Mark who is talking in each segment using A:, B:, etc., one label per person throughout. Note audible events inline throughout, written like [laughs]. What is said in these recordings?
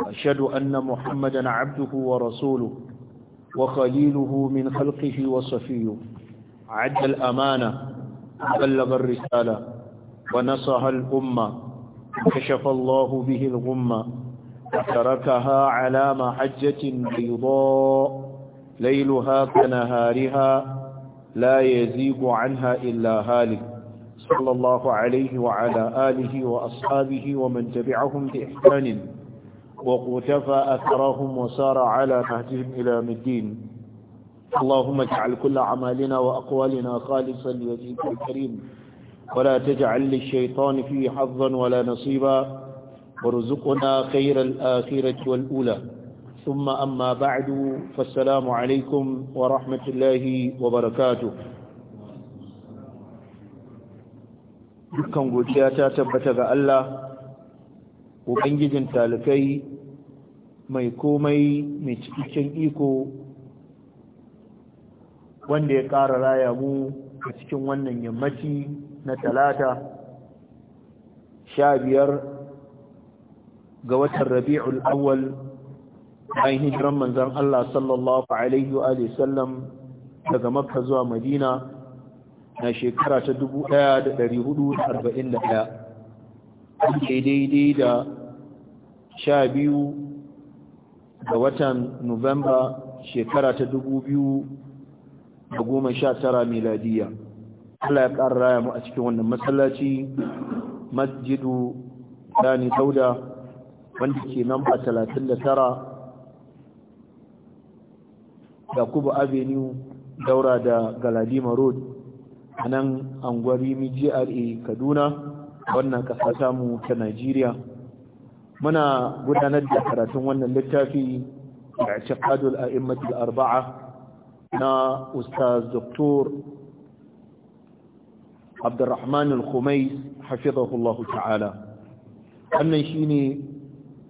A: وأشهد أن محمدا عبده ورسوله وخليله من خلقه وصفيه عد الأمانة بلغ الرسالة ونصها الأمة كشف الله به الغمة وتركها على محجة بيضاء ليلها كنهارها لا يزيب عنها إلا هالك صلى الله عليه وعلى آله وأصحابه ومن تبعهم بإحسان وقتفى أثرهم وسار على نهجهم إلى مدين
B: اللهم اجعل كل
A: عمالنا وأقوالنا خالصا لوجهك الكريم ولا تجعل للشيطان فيه حظا ولا نصيبا وارزقنا خير الآخرة والأولى ثم أما بعد فالسلام عليكم ورحمة الله وبركاته dukkan godiya ta tabbata Allah ubangijin talifai mai komai mai cikakken iko wanda ya ƙara raya mu a cikin wannan yammaci na talata sha biyar ga watan rabi'ul awwal bayan hijiran manzan Allah sallallahu alaihi wa sallam daga makka zuwa madina na shekara ta 1441 daidai da sha biyu ga watan nuwamba shekara ta dubu biyu da goma sha tara miladiya Allah ya ƙara raya mu a cikin wannan masallaci masjidu dani sauda wanda ke namba talatin da tara da kuba avenue daura da galadima road a nan angwari GRA kaduna wannan ƙasa samu ta najeriya muna gudanar da karatun wannan littafi da shaqadul a'immatul arba'a na ustaz doktor Abdurrahman al-Khumais hafizahullahu ta'ala wannan shine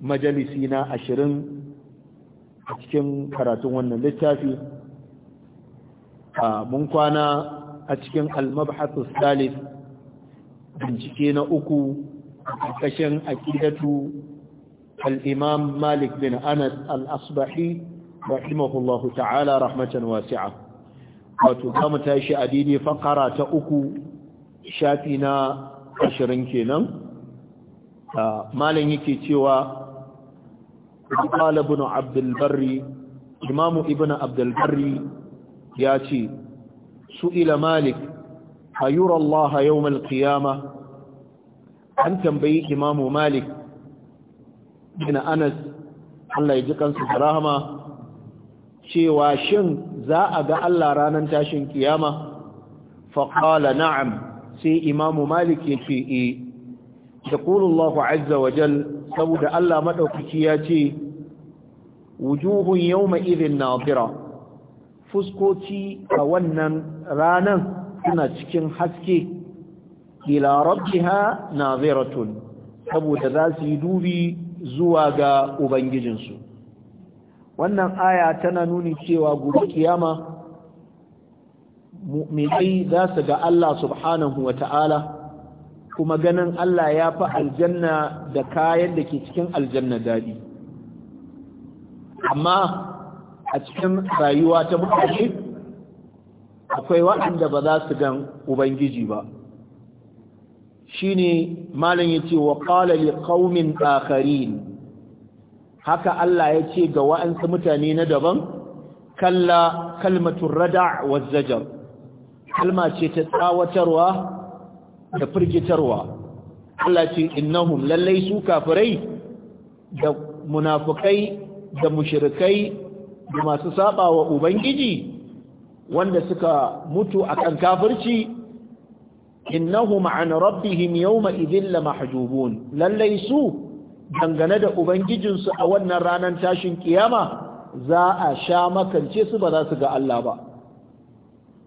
A: majalisi na ashirin a cikin karatun wannan littafi a mun kwana a cikin al-mabhath bincike na uku a ƙarƙashin aƙidatu الإمام مالك بن أنس الأصبحي رحمه الله تعالى رحمة واسعة وتقام تايش أديني فقرة أكو شافنا عشرين كنا مالك يكتوى قال ابن عبد البر إمام ابن عبد البر ياتي سئل مالك أيرى الله يوم القيامة أن تنبي إمام مالك bin anas Allah ya ji kansu da rahama cewa shin za a ga Allah ranar tashin kiyama faƙala na'am sai imamu malik ya ce e eh. da ƙulullahu azza wa jal saboda Allah maɗaukaki ya ce wujuhun yau ma'irin nazira fuskoci a wannan ranan suna cikin haske ila rabbiha naziratun saboda za su yi dubi zuwa ga ubangijinsu wannan aya tana nuni cewa gobe kiyama mu'minai za su ga Allah subhanahu wa ta'ala kuma ganin Allah ya fi aljanna da kayan da ke cikin aljanna daɗi amma a cikin rayuwa ta mutane akwai waɗanda ba za su gan ubangiji ba shine malam yace wa qala li qaumin akharin haka Allah yace ga wa'ansu mutane na daban kalla kalmatur rada' waz zajar kalma ce ta tsawatarwa da firgitarwa Allah ce innahum lallai su kafirai da munafukai da mushrikai da masu saba ubangiji wanda suka mutu akan kafirci innahum an rabbihim yawma idhin lamahjubun lallai su dangane da ubangijinsu a wannan ranar tashin kiyama za a sha makance su ba za su ga Allah ba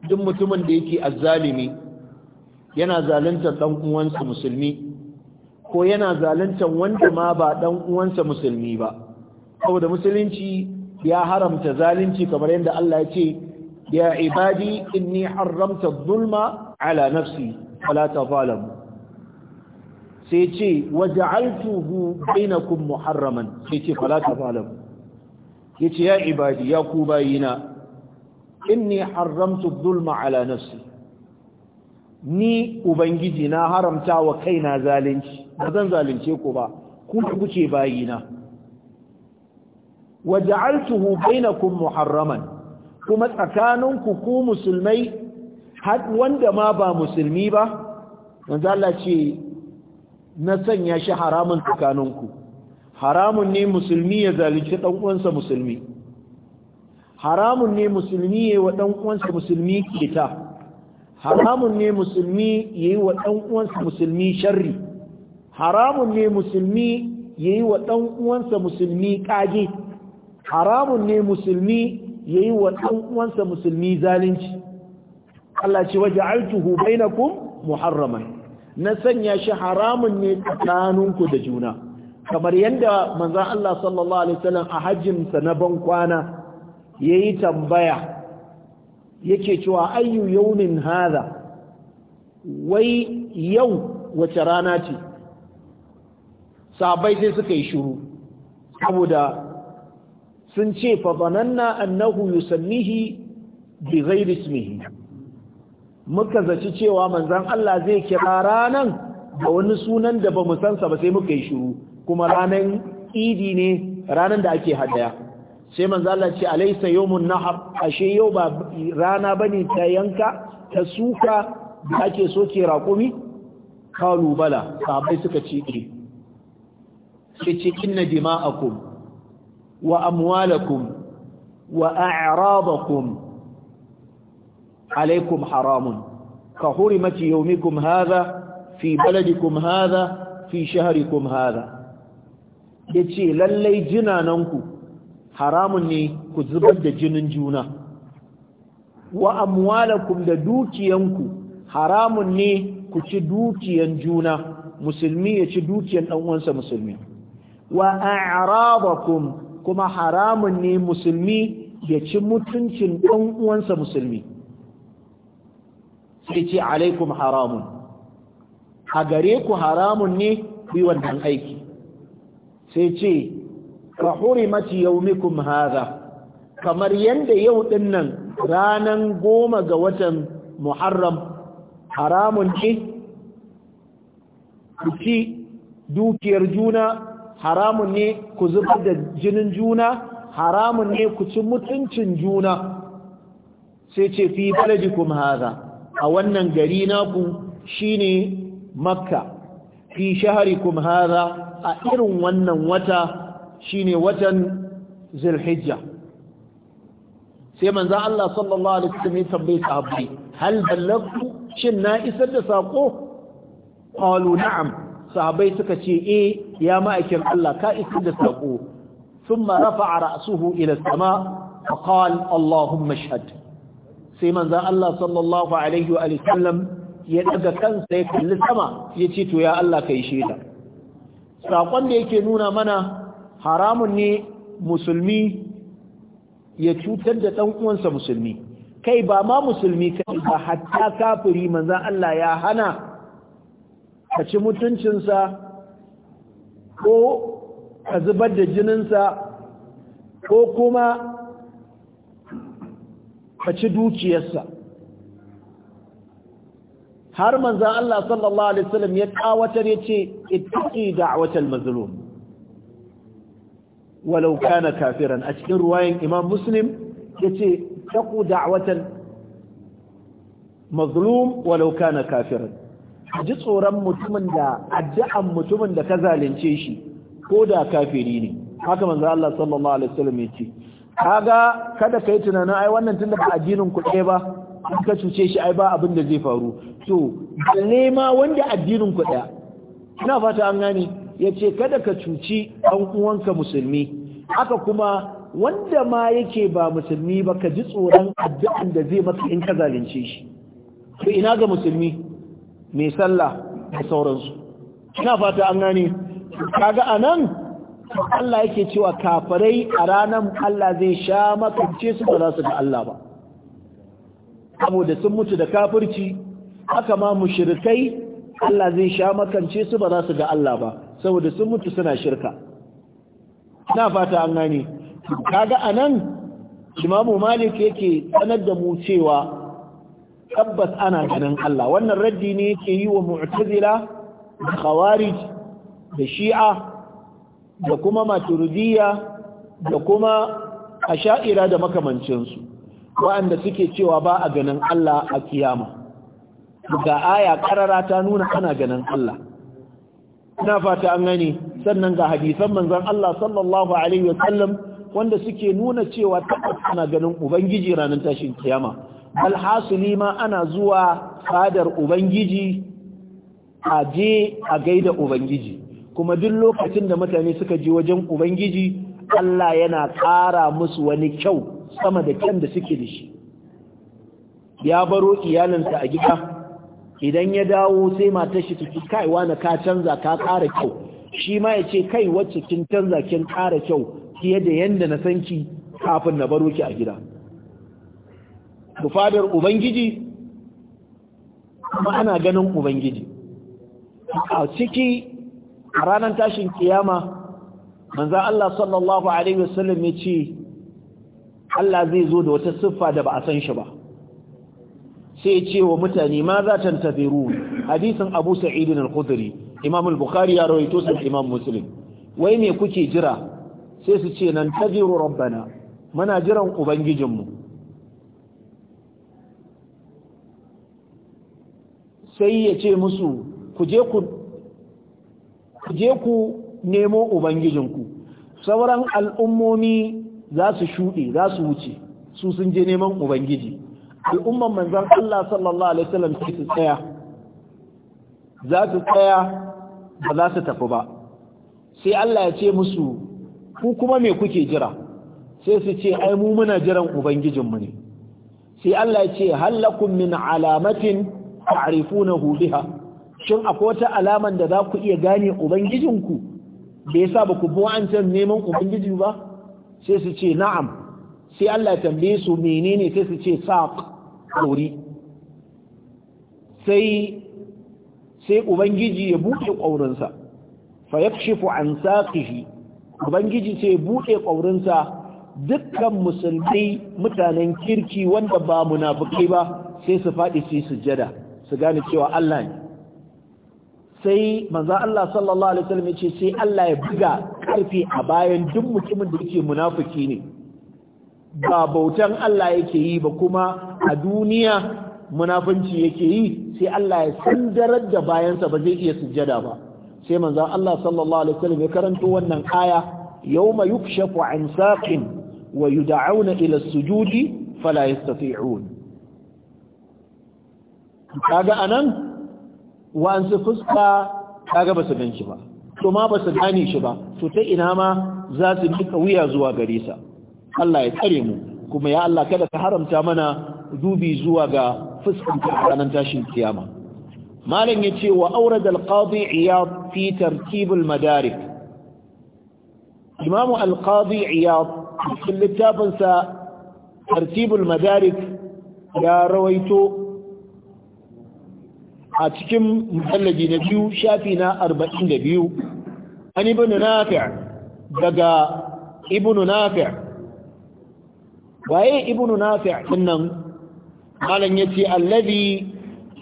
A: duk mutumin da yake azzalimi yana zaluntar dan uwansa musulmi ko yana zaluntar wanda ma ba dan uwansa musulmi ba saboda musulunci ya haramta zalunci kamar yadda Allah ya ce ya ibadi inni haramta zulma ala nafsi fala tazalamu sai ce waja'altuhu bainakum muharraman sai ce fala tazalamu yace ya ibadi ya ku bayina inni haramtu dhulma ala nafsi ni ubangiji na haramta wa kaina zalunci ba zan zalunce ku ba ku kuce bayina waja'altuhu bainakum muharraman kuma tsakaninku ku musulmai har wanda ma ba musulmi ba manzo Allah ce na sanya shi haramun tsakaninku haramun ne musulmi ya zalunci dan uwansa musulmi haramun ne musulmi ya wa dan musulmi kita haramun ne musulmi ya yi wa dan musulmi sharri haramun ne musulmi ya yi wa ɗan'uwansa musulmi ƙage haramun ne musulmi ya yi wa ɗan'uwansa musulmi zalunci Allah ce waje baina bainakum muharraman na sanya shi haramun ne tsakaninku da juna kamar yadda manzon Allah sallallahu alaihi wasallam a hajjin sa na ban kwana yayi tambaya yake cewa ayyu yawmin hadha wai yau wace rana ce sabai sai suka yi shiru saboda sun ce fa zananna annahu yusammihi bi ghairi ismihi muka zaci cewa manzan Allah zai kira ranan da wani sunan da ba mu ba sai muka yi shiru kuma ranan idi ne ranan da ake hadaya sai manzan Allah ce alaysa yawmun nahar ashe yau ba rana bane ta yanka ta suka da ake soke raƙumi kalu bala sahabbai suka ce ce eh. ce inna dima'akum wa amwalakum wa a'rabakum alaikum haramun ka hurmati yawmikum hadha fi baladikum hadha fi shahrikum hadha yace lallai jinananku haramun ne ku zubar da jinin juna wa amwalakum da dukiyanku haramun ne ku ci dukiyan juna musulmi ya ci dukiyan dan uwansa musulmi wa a'radakum kuma haramun ne musulmi ya ci mutuncin dan uwansa musulmi sai ce alaikum haramun a gare ku haramun ne kuyi wannan aiki sai ce ka hurimati yaumikum haza kamar yadda yau dinnan nan ranan goma ga watan muharram haramun ce ku dukiyar juna haramun ne ku zubar da jinin juna haramun ne ku ci mutuncin juna sai ce fi baladikum haza a wannan gari naku shine makka fi shaharikum hadha a irin wannan wata shine watan zulhijja sai manzo Allah sallallahu alaihi wasallam ya tambaye sahabbai hal ballagtu shin na isar da sako qalu na'am sahabbai suka ce eh ya ma'aikin Allah ka isar da sako thumma rafa'a ra'suhu ila as-sama' fa qala allahumma ashhad sai manzan Allah sallallahu alaihi wa sallam ya daga kansa ya kalli sama ya ce to ya Allah kai shaida saƙon da yake nuna mana haramun ne musulmi ya cutar da ɗan uwansa musulmi kai ba ma musulmi kai ba hatta kafiri manzan Allah ya hana ka ci mutuncinsa ko ka zubar da jininsa ko kuma ka ci dukiyarsa har manzan Allah sallallahu Alaihi wasallam ya kawatar ya ce da watan mazlum walau kana kafiran a cikin ruwayin imam muslim ya ce taku watan mazlum walau kana kafiran ji tsoron mutumin da addu'an mutumin da ka zalunce shi ko da kafiri ne haka manzan Allah sallallahu Alaihi wasallam ya ce kaga kada kai tunanin ai wannan tunda ba addinin ku ba in ka cuce shi ai ba abin da zai faru to balle ma wanda addinin ku ɗaya ina fata an gane yace kada ka cuci ɗan uwanka musulmi haka kuma wanda ma yake ba musulmi ba ka ji tsoron addu'an da zai maka in ka zalunce shi to ina ga musulmi mai sallah da sauransu ina fata an gane kaga anan to Allah yake cewa kafirai a ranar Allah zai sha makance su ba za su ga Allah ba saboda sun mutu da kafirci haka ma mushrikai Allah zai sha makance su ba za su ga Allah ba saboda sun mutu suna shirka ina fata an gani, kaga anan Imamu Malik yake sanar da mu cewa tabbas ana ganin Allah wannan raddi ne yake yi wa mu'tazila da khawarij da shi'a da kuma maturidiyya da kuma asha'ira da makamancinsu wa'anda suke cewa ba a ganin Allah a kiyama ga aya karara ta nuna ana ganin Allah ina fata an gani sannan ga hadisan manzon Allah sallallahu alaihi wasallam wanda suke nuna cewa tabbas ana ganin ubangiji ranar tashin kiyama bal hasili ma ana zuwa fadar ubangiji a je a gaida ubangiji kuma duk lokacin da mutane suka je wajen ubangiji Allah yana ƙara musu wani kyau sama da kyan da suke da shi ya baro iyalinsa a gida idan ya dawo sai matar shi tafi kai wani ka canza ka ƙara kyau shi ma ya ce kai wacce kin canza kin ƙara kyau fiye da yadda na san ki kafin na baro ki a gida bufadar ubangiji kuma ana ganin ubangiji a ciki a ranar tashin kiyama manzan Allah sallallahu Alaihi wasallam ya ce Allah zai zo da wata siffa da ba a san shi ba sai ce wa mutane ma za ta tafiru hadisin abu sa'idin al-khudri imam al-bukhari ya rawaito sun imam muslim wai me kuke jira sai su ce nan tajiru rabbana muna jiran ubangijinmu sai ya ce musu ku je ku ku je ku nemo ubangijinku sauran al'ummomi za su shuɗe za su wuce su sun je neman ubangiji al'umman manzan Allah sallallahu alaihi wasallam sai su tsaya za su tsaya ba za su tafi ba sai Allah ya ce musu ku kuma me kuke jira sai su ce ai mu muna jiran ubangijinmu ne sai Allah ya ce halakum min alamatin ta'rifunahu biha shin akwai wata alaman da za ku iya gane ubangijinku bai sa ba ku bi wa'ancan neman ubangiji ba sai su ce na'am sai Allah tambaye su menene sai su ce saq kori sai ubangiji ya buɗe ƙaurinsa fa yakshifu an saqihi ubangiji sai buɗe ƙaurinsa dukkan musulmai mutanen kirki wanda ba munafukai ba sai su faɗi su sujada su gane cewa Allah ne sai manzo Allah sallallahu alaihi wasallam yace sai Allah ya buga karfi a bayan duk mutumin da yake munafiki ne ba bautan Allah yake yi ba kuma a duniya munafunci yake yi sai Allah ya sandarar da bayansa ba zai iya sujjada ba sai manzo Allah sallallahu alaihi wasallam ya karanto wannan aya yawma yukshafu an saqin wa yud'auna ila as-sujudi fala yastati'un kaga anan wa'ansu fuska kaga ba su gan shi ba to ma ba su gane shi ba to ta ina ma za su duka wuya zuwa gare sa Allah ya tsare mu kuma ya Allah kada ka haramta mana dubi zuwa ga fuskan ranar tashin kiyama malam yace wa awrad al-qadi iyad fi tartib al-madarik imam al-qadi iyad littafinsa tartib al-madarik ya rawaito a cikin musallaji na biyu shafi na arba'in da biyu an ibn nafi' daga ibn nafi' waye ibn nafi' dinnan malan yace allazi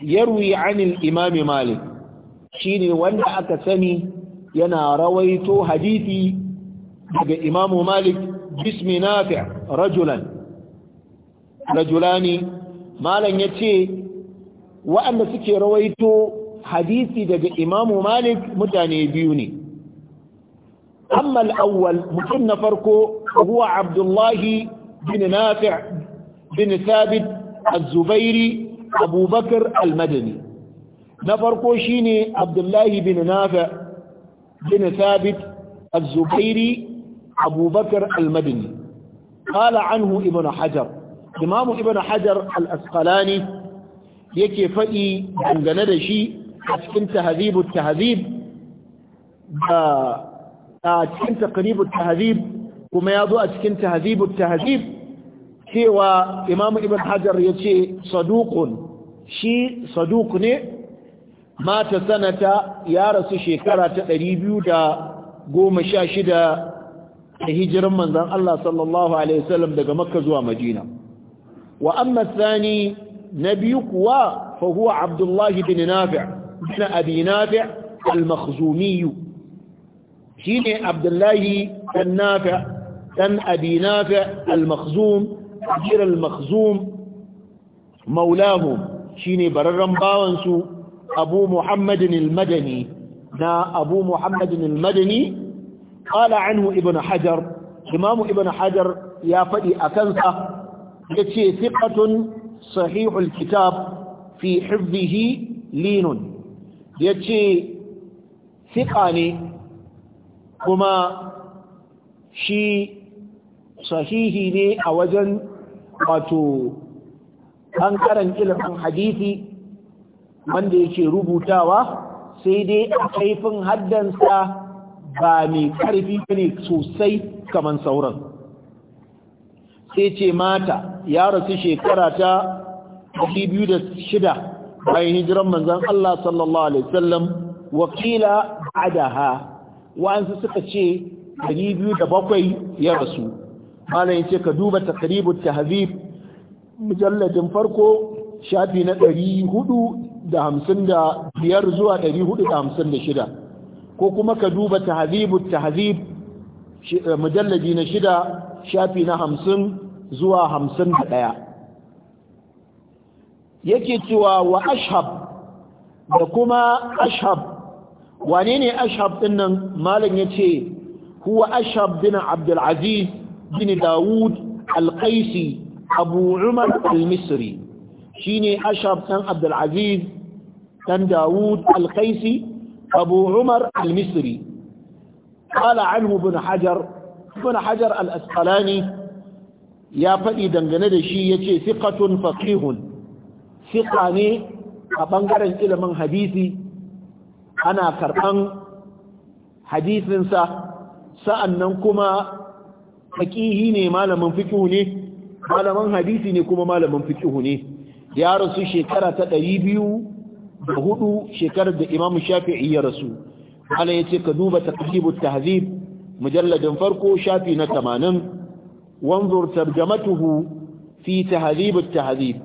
A: yarwi anil imam malik shine wanda aka sani yana rawaito hadisi daga imam malik bismi nafi' rajulan rajulani malan yace waɗanda suke rawaito hadisi daga imamu malik mutane biyu ne amma al'awwal mutum na farko huwa abdullahi bin nafi' bin sabit az-zubairi abubakar al-madani na farko shine abdullahi bin nafi' bin sabit az-zubairi abubakar al-madani قال عنه ابن حجر إمام ابن حجر الأسقلاني yake faɗi dangane da shi a cikin ta'hazibu tahzib da a cikin taqribu tahzib kuma ya zo a cikin ta'hazibu tahzib cewa imam ibn hajar ya ce saduqun shi saduq ne mata sanata ya rasu shekara ta 216 da hijiran manzan Allah sallallahu alaihi wasallam daga makka zuwa madina wa amma thani na biyu kuwa fahuwa abdullahi bin nafi' na abi nafi' al-makhzumiyu shi ne abdullahi dan nafi' dan abi nafi' al-makhzum ajiyar al-makhzum bawansu abu muhammadin al na abu muhammadin al-madani ƙala anhu ibn hajar imamu ibn hajar ya faɗi a kansa ya ce fiƙatun sahihul kitab fi hifzihi linun yace fiƙa ne kuma shi sahihi ne a wajen wato ɓangaren ilimin hadisi wanda yake rubutawa sai dai a kaifin haddansa ba mai ƙarfi ne sosai kamar sauran sai ce mata ya rasu shekara ta shida. bayan hijiran manzan Allah sallallahu alaihi wasallam wakila adaha wa'ansu suka ce bakwai ya rasu malam ce ka duba ta ta tahzib mujalladin farko shafi na 455 zuwa 456 ko kuma ka duba ta tahzib eh, mujalladi na shida shafi na hamsin zuwa hamsin da ɗaya yake cewa wa ashab da kuma ashab wane ne ashab ɗinnan nan malam ya ce huwa ashab bin abdulaziz bin dawud alkaisi abu umar al-misri shi ne ashab ɗan abdulaziz ɗan dawud alkaisi abu umar al-misri hajar. ibn hajar al-asqalani ya faɗi dangane da shi yace thiqatun faqihun Siƙa ne a ɓangaren ilimin hadisi ana karɓan hadisinsa sa'annan kuma faƙihi ne malamin fikihu ne malamin hadisi ne kuma malamin fikihu ne ya rasu shekara ta 204 shekarar da Imam Shafi'i ya rasu ala yace ka duba taqribut tahzib mujalladin farko shafi na 80 wanzur tarjamatuhu fi tahdhib at-tahdhib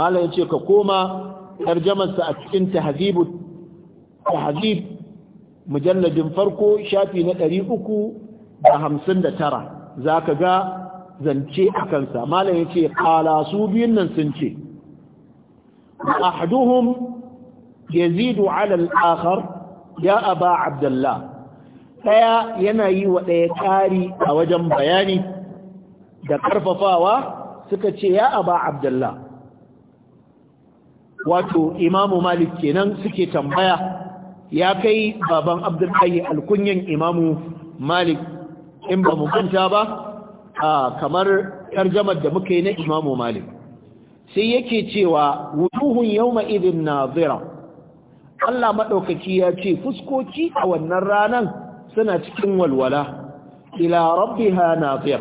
A: mallan yace ka koma tarjamar sa a cikin tahdhib at mujalladin farko shafi na ɗari uku da da hamsin za zaka ga zance a kansa mallan yace ce ƙalasu biyun nan sun ce ahduhum yazidu ala akhar ya aba abdullah ɗaya yana yi wa ɗaya ƙari a wajen bayani da ƙarfafawa suka ce ya aba abdullah wato imamu malik kenan suke tambaya ya kai baban abdullahi alkunyan imamu malik in ba mu manta ba a kamar jamar da muka yi na imamu malik sai yake cewa yau ma na nazira Allah maɗaukaki ya ce fuskoki a wannan ranan suna cikin walwala ila rabbiha nazira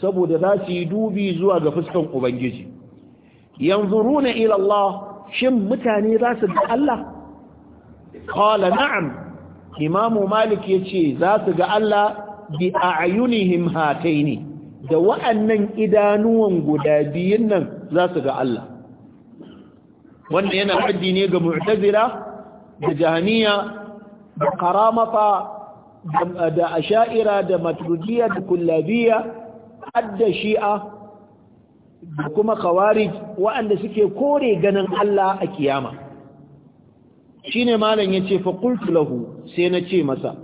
A: saboda za su yi dubi zuwa ga fuskan ubangiji yanzuruna ila Allah shin mutane za su ga Allah qala na'am imamu malik yace za su ga Allah bi a'yunihim hataini da wa'annan idanuwan guda biyun nan za su ga Allah wannan yana haddi ne ga mu'tazila da jahaniya da karamata da asha'ira da maturidiyya da kullabiyya adda shi'a da kuma khawarij waɗanda suke kore ganin Allah a kiyama Shi ne malam yace fa qultu sai na ce masa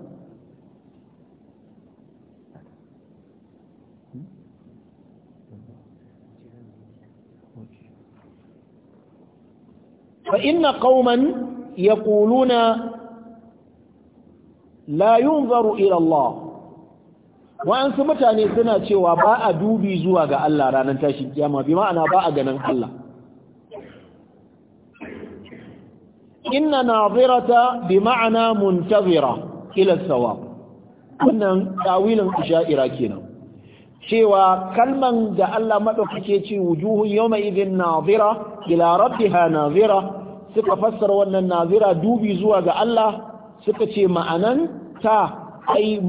A: fa inna ya ƙuluna la yunzaru ila wa'ansu mutane suna cewa ba a dubi zuwa ga Allah ranar tashin kiyama bi ma'ana ba a ganin Allah inna nazirata bi ma'ana muntazira ila sawab wannan tawilin isha'ira kenan cewa kalman da Allah madaukake ce wujuhun yawma idhin nazira ila rabbiha nazira suka fassara wannan nazira dubi zuwa ga Allah suka ce ma'anan ta ai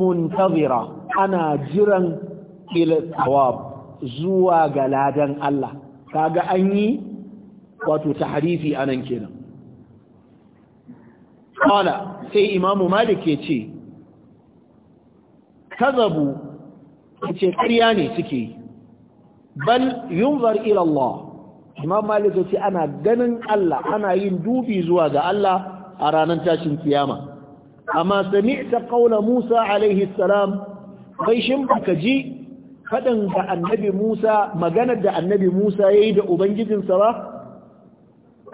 A: ana jiran ila zuwa ga ladan Allah kaga an yi wato a anan kenan qala sai imamu malik yace kazabu yace ƙarya ne suke bal yunzar ila Allah imam malik ce ana ganin Allah ana yin dubi zuwa ga Allah a ranar tashin kiyama amma sami'ta qawla Musa alaihi salam bai shin baka ji fadan da annabi Musa maganar da annabi Musa yayi da ubangijinsa ba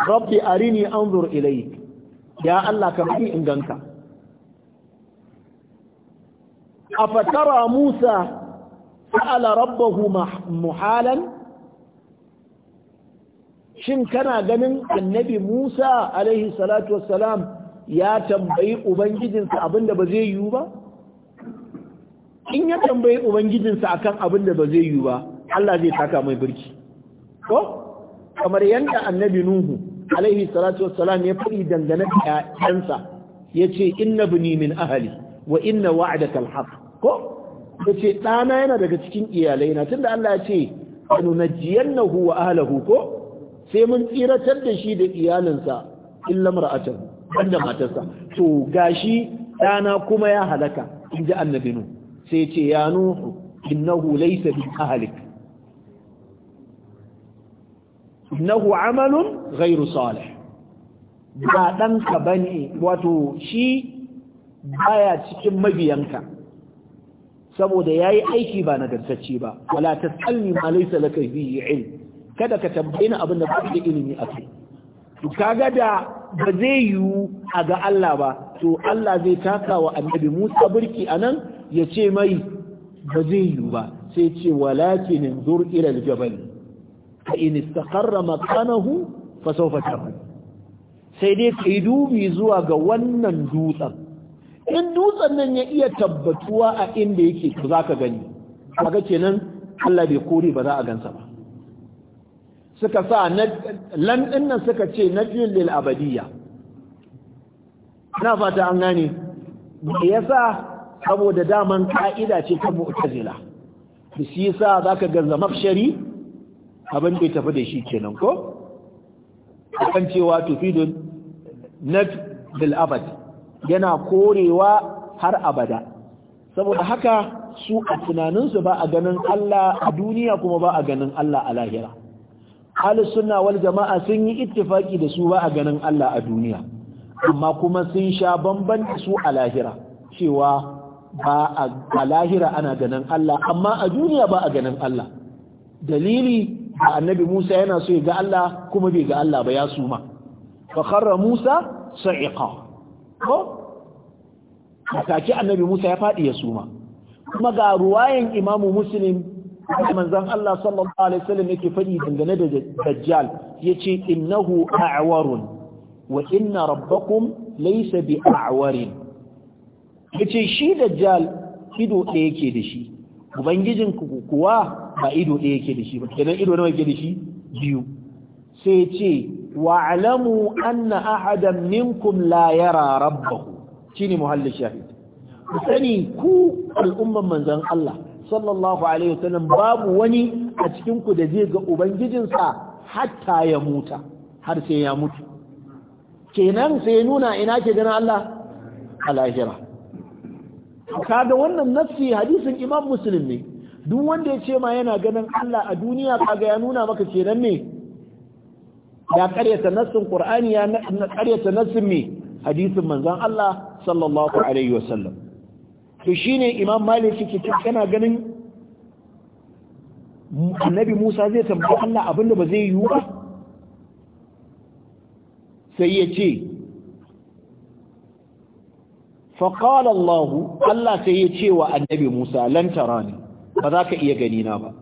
A: rabbi arini anzur ilayk ya Allah ka bari in ganka afatara Musa sa'ala rabbahu muhalan shin kana ganin annabi Musa alaihi salatu wassalam ya tambayi ubangijinsa abin da ba zai yiwu ba in ya tambayi ubangijinsa akan abin da ba zai yiwu ba Allah zai taka mai birki ko kamar yanda annabi nuhu alaihi salatu wassalam ya faɗi dangane da ƴansa ce, inna bini min ahali, wa inna wa'ada alhaq ko ce ɗana yana daga cikin iyalai na tunda Allah ya ce anunajjiyannahu wa ahalahu ko sai mun tsiratar da shi da iyalinsa illa mar'atahu banda matarsa to gashi ɗana kuma ya halaka in ji annabi nu sai ce ya nuhu innahu laysa bi ahlik innahu amalun ghairu salih ba ɗanka bane wato shi baya cikin mabiyanka saboda yayi aiki ba nagartacce ba wala tasalli ma laysa laka bihi ilm kada ka tambayi abin da ba ilimi akai to kaga da ba zai yiwu a ga Allah ba to Allah zai taka wa annabi Musa burki anan ya ce mai ba zai yiwu ba sai ce lakinin zur irar al-jabal fa in istaqarra makanahu fa sai dai ka yi dubi zuwa ga wannan dutsen in dutsen nan ya iya tabbatuwa a inda yake to ka gani Ba kaga kenan Allah bai kore ba za a gansa ba suka sa lan nan suka ce nafiyun lil abadiyya ina fata an gane me yasa saboda daman ka'ida ce ta mu'tazila shi yasa zaka ga zamafshari abin da tafi da shi kenan ko kan cewa tufidun nat bil abad yana korewa har abada saboda haka su a tunaninsu ba a ganin Allah a duniya kuma ba a ganin Allah a lahira ahlus sunna wal jama'a sun yi ittifaki da su ba a ganin Allah a duniya amma kuma sun sha bamban da su a lahira cewa ba a lahira ana ganin Allah amma a duniya ba a ganin Allah dalili da annabi Musa yana so ya ga Allah kuma bai ga Allah ba ya suma fa kharra Musa sa'iqa ko kaki annabi Musa ya fadi ya suma kuma ga ruwayan Imam muslim manzon Allah sallallahu alaihi wasallam yake faɗi dangane da dajjal yace innahu a'warun wa inna rabbakum laysa bi a'warin yace shi dajjal ido da yake da shi ubangijin ku kuwa ba ido ɗaya yake da shi ba kenan ido nawa yake da shi biyu sai ce wa'lamu anna ahadan minkum la yara rabbahu shine muhallin shahid sani ku al'umman manzon Allah sallallahu alaihi wasallam babu wani a cikin ku da zai ga ubangijinsa hatta ya muta har sai ya mutu kenan sai nuna ina ke ganin Allah a lahira kaga wannan nafsi hadisin imam muslim ne duk wanda ya ce ma yana ganin Allah a duniya kaga ya nuna maka kenan ne ya karyata nassin qur'ani ya karyata nassin me hadisin manzon Allah sallallahu alaihi wasallam to ne imam malik yake ganin annabi musa zai tambayi allah abinda ba zai yiwu ba sai ya ce faƙala allahu allah sai ya ce wa annabi musa lantara ne ba za ka iya ganina ba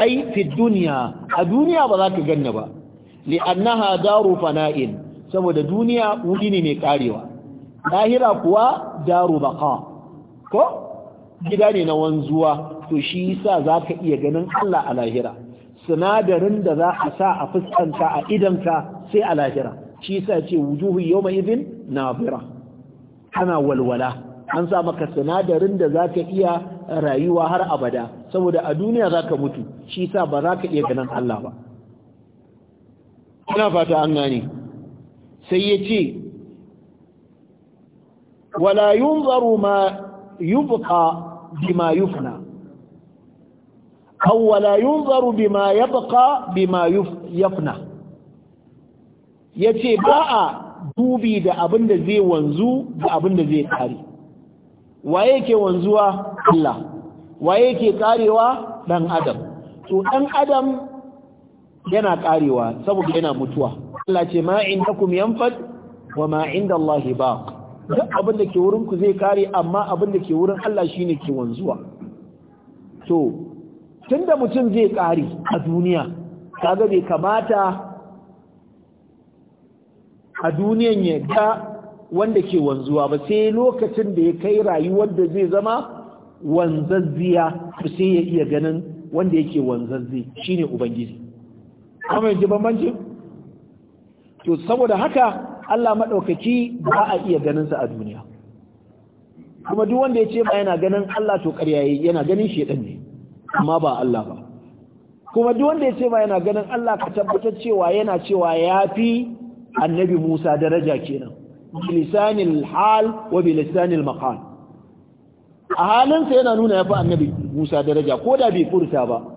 A: ai fi duniya a duniya ba za ka ganna ba li'annaha daru fana'in saboda duniya wuri ne mai karewa lahira kuwa daru baqa ko gida ne na wanzuwa to shi yasa zaka iya ganin Allah a lahira sinadarin da za a sa a fuskanta a idanka sai a lahira shi yasa ce wujuhu yawma idhin nabira Kana walwala an sa maka sinadarin da za ka iya rayuwa har abada saboda a duniya za ka mutu shi sa ba za ka iya ganin Allah ba ina fata an gane sai yace ce wala yunzaru ma yubqa bima yufna aw la yunzaru bima yabqa bima yafna yace ba a dubi da abin da zai wanzu da abin da zai kare waye ke wanzuwa Allah waye ke karewa dan adam to dan adam yana karewa saboda yana mutuwa Allah ce ma indakum yanfad wa ma inda Allah baq duk abin da ke wurin ku zai kare amma abin da ke wurin Allah shine ke wanzuwa to tunda mutum zai kare a duniya kaga bai kamata a duniyan ya ga wanda ke wanzuwa ba sai lokacin da ya kai rayuwar da zai zama wanzazziya sai ya iya ganin wanda yake wanzazzi shine ubangiji kuma yanzu bambancin to saboda haka Allah maɗaukaki ba a iya ganinsa a duniya kuma duk wanda ya ce ba yana ganin Allah to ƙarya yana ganin shedan ne amma ba Allah ba kuma duk wanda ya ce ba yana ganin Allah ka tabbatar cewa yana cewa yafi annabi Musa daraja kenan bilisanil hal wa bilisanil maqal a halinsa yana nuna yafi annabi Musa daraja ko da bai furta ba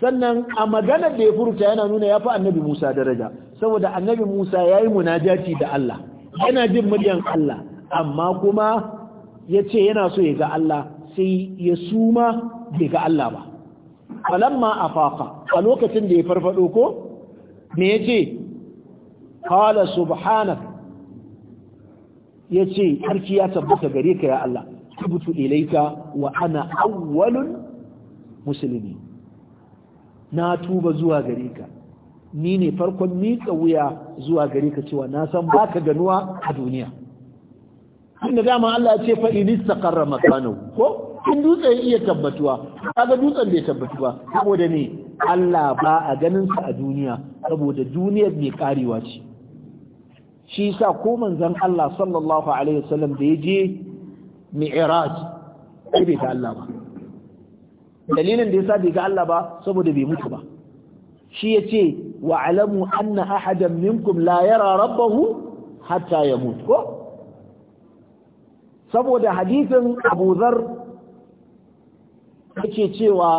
A: sannan a maganar da ya furta yana nuna ya fi annabi Musa daraja saboda annabi Musa ya yi munajati da Allah yana jin muryan Allah amma kuma ya ce yana so ya ga Allah sai ya suma bai ga Allah ba falamma afaqa a lokacin da ya farfado ko me yace qala subhanak yace harki ya tabbata gare ka ya Allah tubtu ilayka wa ana awwalul muslimin na tuba zuwa gare ka ni ne farkon miƙa wuya zuwa gare ka cewa na san baka ganuwa a duniya inda dama Allah ya ce fa in istaqarra makanahu ko in dutsen iya tabbatuwa kaga dutsen bai tabbatu ba saboda ne Allah ba a ganin sa a duniya saboda duniyar mai karewa ce shi yasa ko manzon Allah sallallahu alaihi wasallam da yaje mi'raj sai bai ta Allah ba dalilin da yasa bai ga Allah ba saboda bai mutu ba shi yace wa alamu anna ahadan minkum la yara rabbahu hatta mutu ko saboda hadisin Abu Dharr yake cewa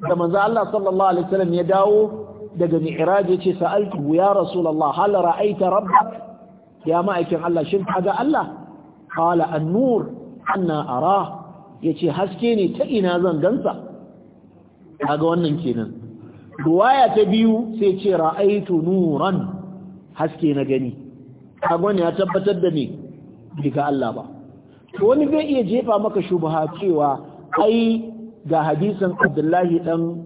A: da manzo Allah sallallahu alaihi wasallam ya dawo daga mi'raj yace sa'altu ya rasulullah hal ra'aita rabbak ya ma'aikin Allah shin kaga Allah qala an-nur anna arah ya ce haske ne ta ina zan gansa ga wannan kenan ruwaya ta biyu sai ce ra'aitu nuran haske na gani kaga ya tabbatar da ne daga Allah ba wani zai iya jefa maka shubha cewa ai ga hadisin Abdullahi dan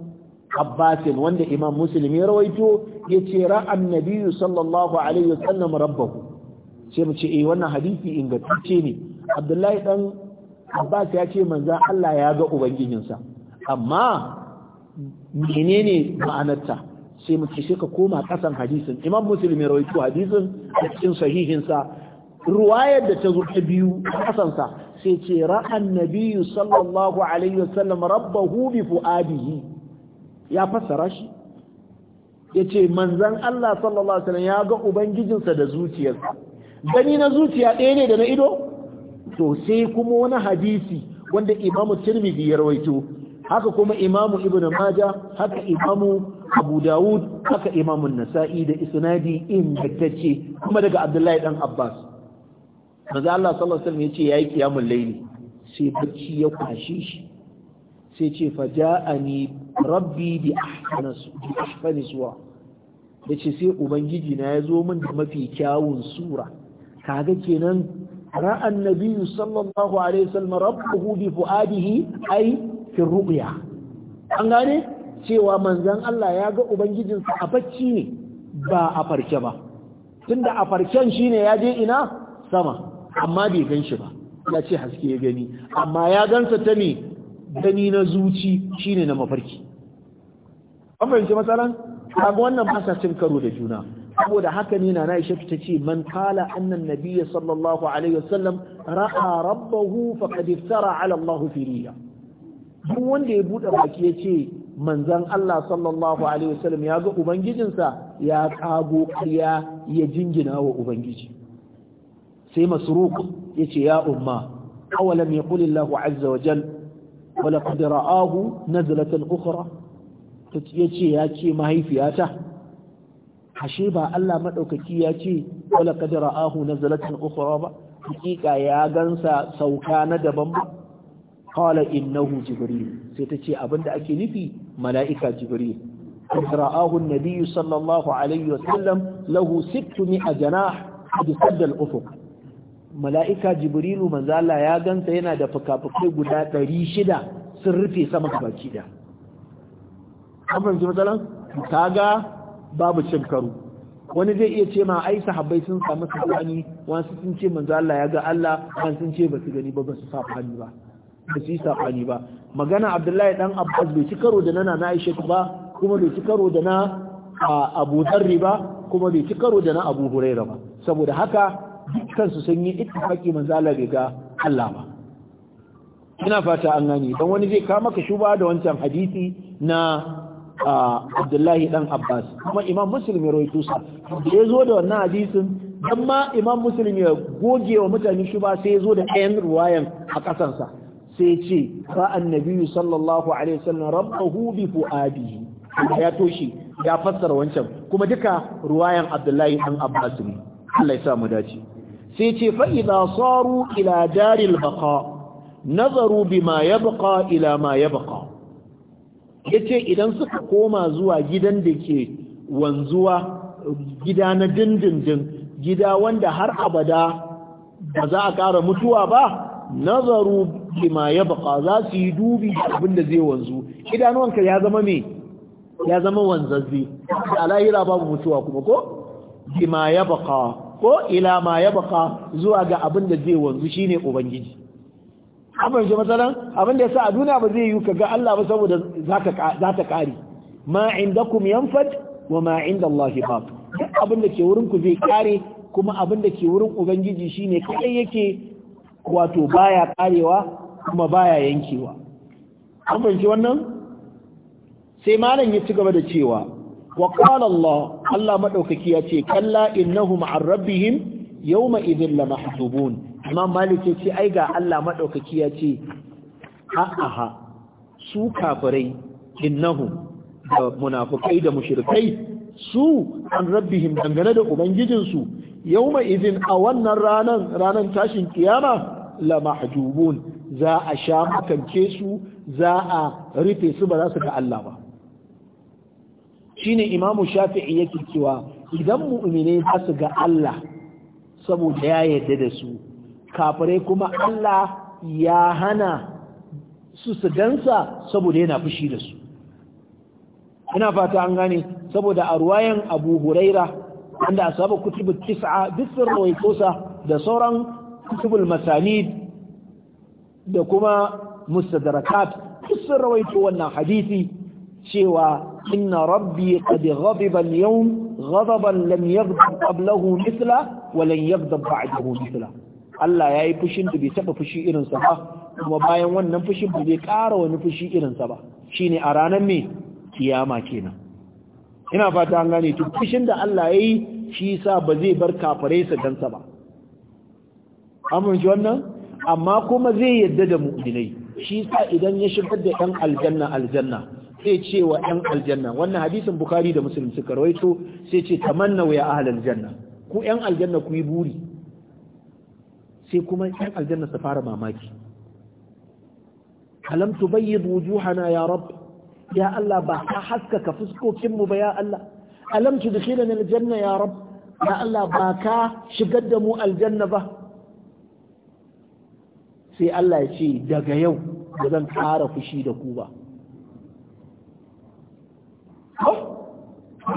A: Abbasin wanda Imam Muslim ya rawaito ya ce ra'an biyu sallallahu alaihi wasallam rabbahu sai mu ce eh wannan hadisi ingantacce ne Abdullahi dan Abbas ya ce manzan Allah ya ga ubangijinsa amma menene ma'anarta sai mu ce ka koma kasan hadisin Imam Muslim ya rawaito hadisin cikin sahihinsa ruwayar da ta zo ta biyu kasansa sai ce ra'an Nabiyu sallallahu alaihi wasallam rabbahu bi fuadihi ya fassara shi yace manzan Allah sallallahu alaihi wasallam ya ga ubangijinsa da zuciyarsa gani na zuciya ɗaya ne da na ido to sai kuma wani hadisi wanda imamu tirmidhi ya rawaito haka kuma imamu ibnu maja haka imamu abu dawud haka imamu nasa'i da isnadi ingantacce kuma daga abdullahi dan abbas manzo Allah sallallahu alaihi wasallam yace yayi qiyamul layli sai bacci ya kwashe shi sai ce faja'ani rabbi bi ahsanas bi ahsani suwa yace sai ubangiji na yazo min da mafi kyawun sura kaga kenan ra'a annabi sallallahu alaihi wasallam rabbuhu bi fuadihi ai fi rubuya. an gane cewa manzon Allah ya ga ubangijinsa a bacci ne ba a farke ba tunda a farken shine ya je ina sama amma bai gan shi ba ya ce haske ya gani amma ya gansa ta ne gani na zuci shine na mafarki an fahimci matsalan kaga wannan ba karo da juna saboda haka ne na Aisha ta ce man kala annan an sallallahu alaihi wasallam ra'a rabbahu faqad iftara ala Allah fi duk wanda ya bude baki yace manzon Allah sallallahu alaihi wasallam ya ga ubangijinsa ya kago karya ya jingina wa ubangiji sai masruq yace ya umma awalam yaqul Allah azza wa jal wa laqad ra'ahu nazlatan ukhra yace ya ce mahaifiyata ashe ba Allah maɗaukaki ya ce wala qad ra'ahu zalatin ukhra ba hakika ya gansa sauka na daban ba qala innahu jibril sai ta ce abinda ake nufi mala'ika jibril qad ra'ahu an-nabi sallallahu alaihi wasallam lahu 600 a qad sadda al-ufuq mala'ika jibrilu Manzala ya gansa yana da fuka-fukai guda shida, sun rufe sama baki da. Amma yanzu ta ga. babu cin karo wani zai iya ce ma ai sahabbai sun samu wani su sun ce manzo Allah ya ga Allah wani sun ce su gani ba su sabani ba ba su yi sabani ba magana Abdullahi dan Abbas bai ci karo da nana Aisha ba kuma bai ci karo da na Abu Dharr ba kuma bai ci karo da na Abu Hurairah ba saboda haka dukkan su sun yi ittifaki manzo Allah bai ga Allah ba ina fata an gani dan wani zai ka maka shuba da wancan hadisi na Abdullahi dan Abbas kuma Imam Muslim ya rawaito sa da yazo da wannan hadisin dan ma Imam Muslim ya goge wa mutane shi ba sai yazo da ɗayan ruwayan a kasan sa sai ce fa annabi sallallahu alaihi wasallam rabbahu bi fuadihi ya toshi ya fassara wancan kuma duka ruwayan Abdullahi dan Abbas ne Allah ya sa mu dace sai ce fa idza saru ila daril baqa nazaru bima yabqa ila ma yabqa ya ce idan suka koma zuwa gidan da ke wanzuwa gida na dindindin gida wanda har abada ba za a ƙara mutuwa ba nazaru bima ya baka za su yi dubi abin da zai wanzu idanuwanka ya zama me ya zama wanzazze alahira babu mutuwa kuma ko bima ya baka ko ila ma ya baka zuwa ga abin da zai wanzu shine ubangiji abin shi masana, abin da sa a duniya ba zai yi ka ga Allah ba saboda za ta ma'in da kuma yamfat wa ma'in da Allah baq duk abin da ke wurin ku zai ƙare, kuma abin da ke wurin ubangiji shi ne kai yake wato baya ƙarewa kuma baya yankewa abin fahimci wannan sai malam ya ci gaba da cewa wa qala Allah Allah maɗaukaki ya ce kalla innahum an rabbihim yawma idhin lamahsubun imam malik ya ce ai ga Allah madaukaki ya ce ha aha su kafirai innahu da munafikai da mushrikai su an rabbihim dangane da ubangijinsu yauma idin a wannan ranan ranan tashin kiyama la mahjubun za a sha makance su za a rufe su ba za su ga Allah ba shine imam shafi'i yake cewa idan mu'mine za su ga Allah saboda ya yarda da su Kafare kuma Allah ya hana su su gansa saboda yana fushi da su ina fata an gane saboda a ruwayan abu huraira wanda saba kutubu tis'a duk sun rawaitosa da sauran kutubul masanid da kuma mustadarakat duk sun rawaito wannan hadisi cewa inna rabbi qad ghadiba al-yawm ghadaban lam yaghdab qablahu mithla wa lan yaghdab ba'dahu mithla Allah ya yi fushin da bai taɓa fushi irinsa ba kuma bayan wannan fushin ba zai ƙara wani fushi irinsa ba shine a ranar mai kiyama kenan ina fata an gane to fushin da Allah ya yi shi sa ba zai bar kafare sa dansa ba Amma ji wannan amma kuma zai yadda da mu'minai shi sa idan ya shigar da 'yan aljanna aljanna sai ce wa ɗan aljanna wannan hadisin Bukhari da musulun suka rawaito sai ce tamanna wa ya ahlal janna ku 'yan aljanna ku yi buri sai kuma yan aljanna su fara mamaki alam tubayyid wujuhana ya rab ya Allah ba ka haskaka fuskokin mu ba ya Allah alam tudkhilana aljanna ya rab ya Allah ba ka shigar da mu aljanna ba sai Allah ya ce daga yau ba zan kara fushi da ku ba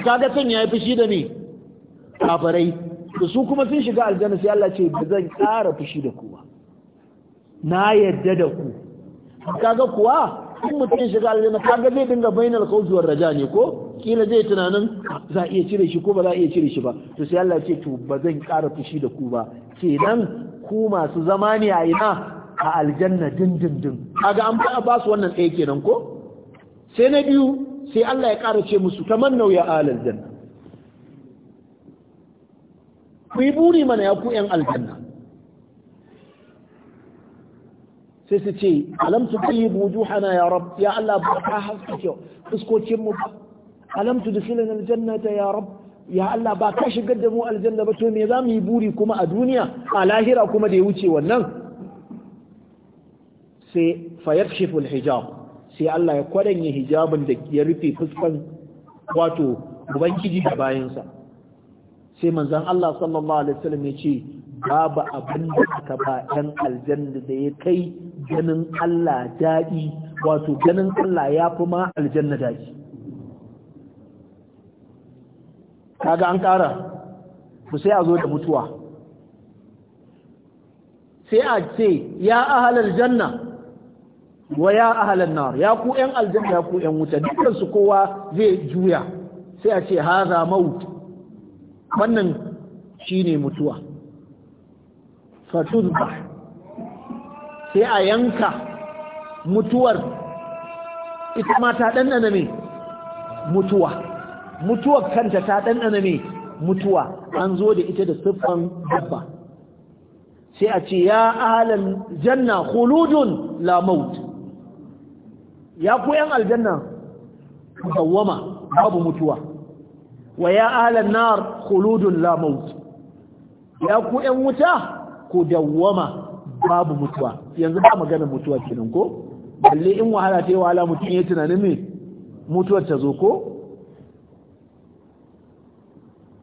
A: kaga kan ya yi fushi da ne kafirai da su kuma sun shiga aljanna sai Allah ce ba zan ƙara fushi da ku ba na yadda da ku kaga kuwa in mutum shiga aljanna kaga zai dinga bainal war raja ne ko kila zai tunanin ah, za a iya cire shi ko ba za a iya cire shi ba to sai Allah ce to ba zan ƙara fushi da ku ba kenan ku masu zama ne a ina a aljanna dindindin kaga an ba su wannan tsaye kenan ko sai na biyu sai Allah ya ƙara ce musu tamannau ya alal janna ku yi buri mana ya ku yan aljanna sai su ce alam tu tayyib wujuhana ya rab ya Allah ba ka haskake fuskocin mu ba alam tu dukhilana aljannata ya rab ya Allah ba ka shigar da mu aljanna ba to me za mu yi buri kuma a duniya a lahira kuma da ya wuce wannan sai Shifin alhijab sai Allah ya kwadanye hijabin da ya rufe fuskan wato ubangiji da bayansa sai manzan Allah sallallahu alaihi wasallam ya ce babu abin da aka ba ɗan aljanna da ya kai ganin Allah daɗi wato ganin Allah ya fi ma aljanna daɗi kaga an ƙara ku sai a zo da mutuwa sai a ce ya ahalar janna wa ya ahalar nar ya ku 'yan aljanna ya ku 'yan wuta dukkan su kowa zai juya sai a ce haza maut wannan shi ne mutuwa fatuzba sai a yanka mutuwar ita ma ta ɗanɗana me mutuwa mutuwar kanta ta ɗanɗana me mutuwa an zo da ita da siffan dabba sai a ce ya ahalan janna khuludun la maut ya ku yan aljanna dawwama babu mutuwa wa ya alan nar khuludun la maut ya ku ƴan wuta ku dawwama babu mutuwa yanzu ba magana mutuwa kenan ko balle in wahala ta yi wahala mutum ya tunanin me mutuwar ta zo ko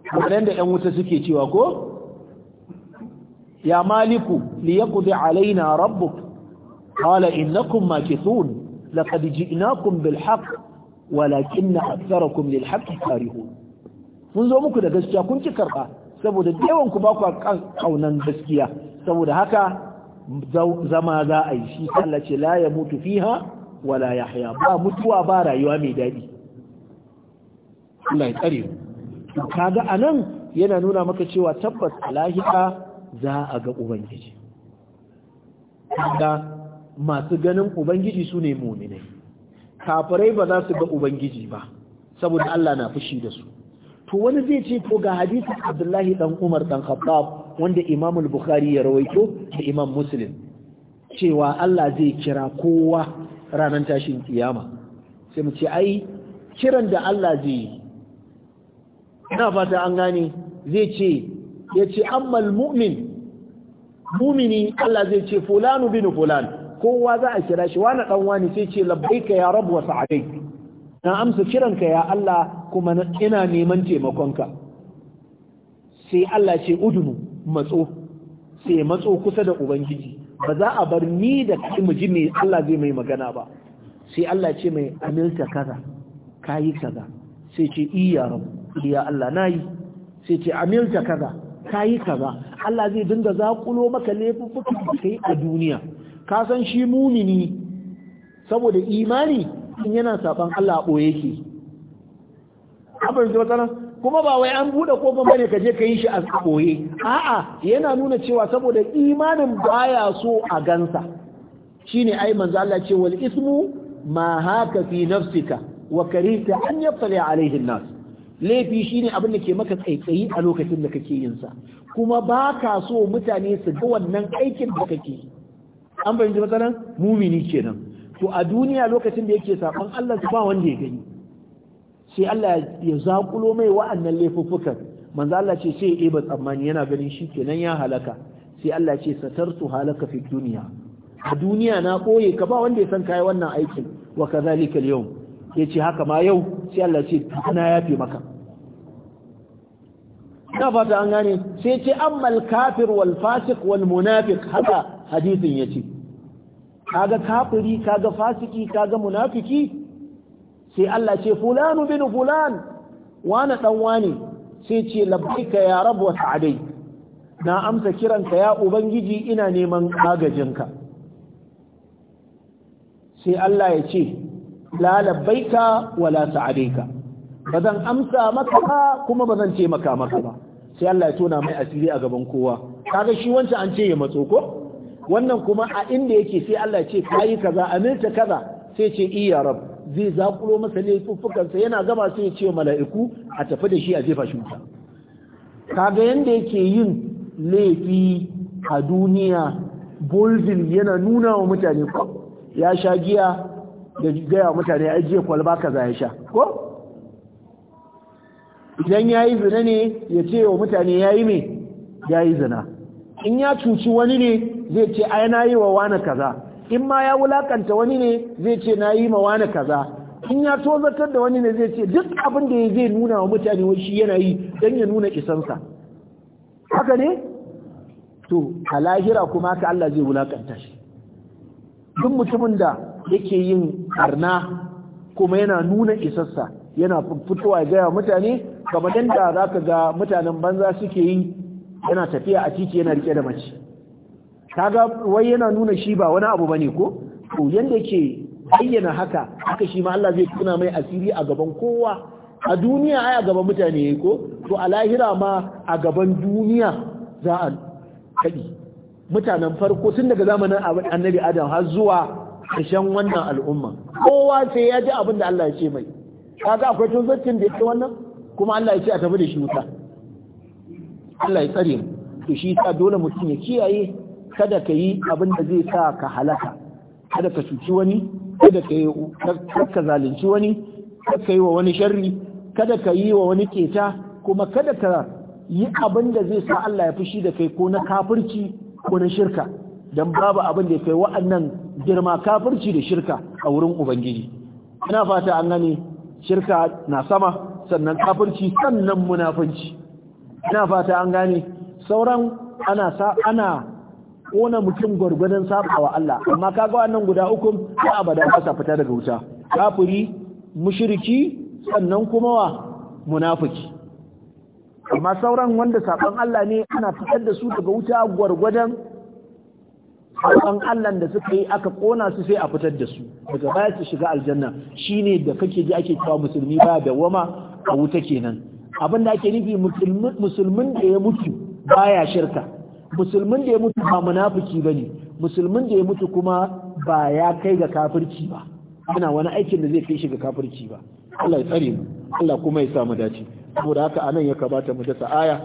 A: kamar da 'yan wuta suke cewa ko ya maliku li yaqdi alaina rabbuk qala innakum makithun laqad ji'nakum bil haqq walakinna aktharakum lil haqqi karihun mun zo muku da gaskiya kun ki karba saboda yawan ku ba ku kaunan gaskiya saboda haka zama za a yi shi Allah ce la ya fiha wala yahya ba mutuwa ba rayuwa mai dadi Allah ya tsare mu kaga anan yana nuna maka cewa tabbas lahira za a ga ubangiji kaga masu ganin ubangiji su ne muminai kafirai ba za su ga ubangiji ba saboda Allah na fushi da su to wani zai ce ko ga hadisin Abdullahi dan Umar dan Khattab wanda Imam al-Bukhari ya rawaito da Imam Muslim cewa Allah zai kira kowa ranar tashin kiyama sai mu ce ai kiran da Allah zai ina fata an gane zai ce yace ammal mu'min mumini Allah zai ce fulanu bin fulan kowa za a kira shi wani dan wani sai ce labbaika ya rabu wa sa'adai na amsa kiranka ya Allah kuma ina neman taimakonka sai Allah ce udunu matso sai matso kusa da ubangiji ba za a bar ni da kai mu ji me Allah zai mai magana ba sai Allah ce mai amilta kaza kayi kaza sai ce iya rabu iya Allah nayi sai ce amilta kaza kayi kaza Allah zai dinga zakulo maka laifuffuka kai a duniya ka san shi mumini saboda imani in yana saban Allah a ɓoye yake abin da wata kuma ba wai an buɗe kofin bane ka je ka yi shi a boye a'a yana nuna cewa saboda imanin baya so a gansa shine ai manzo Allah ce wal ismu ma haka fi nafsika wa karita an yafali alaihi nas laifi shine abin da ke maka tsaitsayi a lokacin da kake yin sa kuma ba ka so mutane su ga wannan aikin da kake yi. an bayyana matsalan mumini kenan to a duniya lokacin da yake sakon Allah ba wanda ya gani sai Allah ya zakulo mai wa'annan laifuffukan manzo Allah ce sai ba tsammani yana ganin shi kenan ya halaka sai Allah ce satartu halaka fi duniya a duniya na koye ka ba wanda ya san kai wannan aikin wa kadhalika al-yawm yace haka ma yau sai Allah ce ana yafe maka na fata an gane sai ce ammal kafir wal fasiq wal munafiq haka hadisin yace kaga kafiri kaga fasiki kaga munafiki sai Allah ce fulanu bin fulan wani dan sai ce labbaika ya rabu wa sa'adai na amsa kiranka ya ubangiji ina neman agajinka sai Allah ya ce la labbaika wala ka. ba zan amsa maka ba kuma ba zan ce maka maka ba sai Allah ya tona mai asiri a gaban kowa kaga shi wancan an ce ya matso ko wannan kuma a inda yake sai Allah ya ce kayi kaza aminta kaza sai ce iya rabu zai zakulo masa laifuffukansa yana gama sai ya ce mala'iku a tafi da shi a jefa shi wuta kaga yanda yake yin laifi a duniya bolvin yana nuna wa mutane ko ya sha giya da gaya wa mutane a jiya kwalba kaza ya sha ko idan ya yi zina ne ya ce wa mutane ya yi me ya yi zina in ya cuci wani ne zai ce a yana yi wa wani kaza in ma ya wulakanta wani ne zai ce na yi mawa kaza in ya tozatar da wani ne zai ce duk abin da ya zai nuna wa mutane wai shi yana yi don ya nuna isansa haka ne to a lahira kuma haka Allah zai wulakanta shi duk mutumin da yake yin arna kuma yana nuna isassa yana fitowa gaya mutane kamar yadda za ka ga mutanen banza suke yi yana tafiya a titi yana rike da mace kaga wai yana nuna shi ba wani abu bane ko to yanda yake bayyana haka haka shi ma Allah zai tuna mai asiri a gaban kowa a duniya ai a gaban mutane ko to a lahira ma a gaban duniya za a kadi mutanen farko tun daga zamanin annabi adam har zuwa kashen wannan al'umma kowa sai ya ji abin da Allah ya ce mai kaga akwai tunzaccin da yake wannan kuma Allah ya ce a tafi da shi wuta Allah ya tsare mu to shi ta dole mutum ya kiyaye kada ka yi abin da zai sa ka halaka kada ka cuci wani kada ka yi ka zalunci wani kada ka yi wa wani sharri kada ka yi wa wani keta kuma kada ka yi abin da zai sa Allah ya fushi da kai ko na kafirci ko na shirka dan babu abin da ya kai wa'annan girma kafirci da shirka a wurin ubangiji ina fata an gane shirka na sama sannan kafirci sannan munafunci ina fata an gane sauran ana sa ana kona mutum gwargwadon wa Allah amma kaga wannan guda uku ba abada ba sa fita daga wuta kafiri mushriki sannan kuma wa munafiki amma sauran wanda saban Allah ne ana fitar da su daga wuta gwargwadon saban Allah da suka yi aka kona su sai a fitar da su daga baya su shiga aljanna shine da kake ji ake cewa musulmi ba da wama a wuta kenan abin da ake nufi musulmin da ya mutu baya shirka musulmin da ya mutu ba munafiki ne musulmin da ya mutu kuma ba ya kai ga kafirci ba ana wani aikin da zai kai shi ga kafirci ba Allah ya tsare mu Allah kuma ya sa mu dace saboda haka anan ya kabata mu dasa aya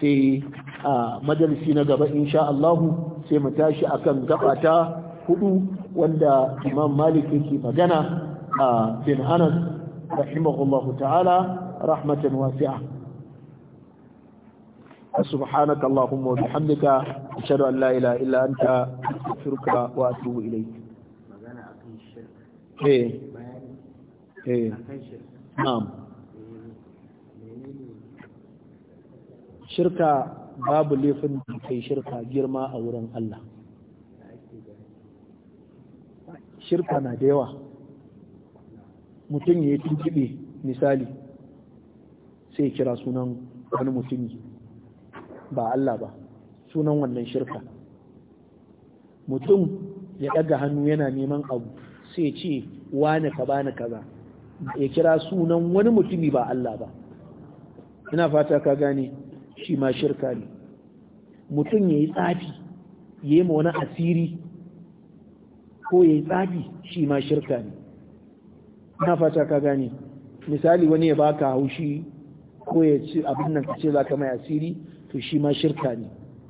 A: sai a majalisi na gaba insha Allah sai mu tashi akan gaba ta hudu wanda Imam Malik yake magana a bin Anas rahimahullahu ta'ala rahmatan wasi'a subhanaka allahumma wa bihamdika ashhadu an la ilaha illa anta astaghfiruka wa shirka babu laifin kai shirka girma a wurin Allah shirka na da yawa mutum ya yi tuntuɓe misali sai kira sunan wani mutumi ba Allah ba sunan wannan shirka mutum ya ɗaga hannu yana neman abu sai ce wani ka bani kaza ya kira sunan wani mutumi ba Allah ba ina fata ka gane shi ma shirka ne mutum ya yi tsafi ya yi ma wani asiri ko ya yi tsafi shi ma shirka ne ina fata ka gane misali wani ya baka haushi ko ya ci abin nan ce za ka mai asiri to shi ma shirka ne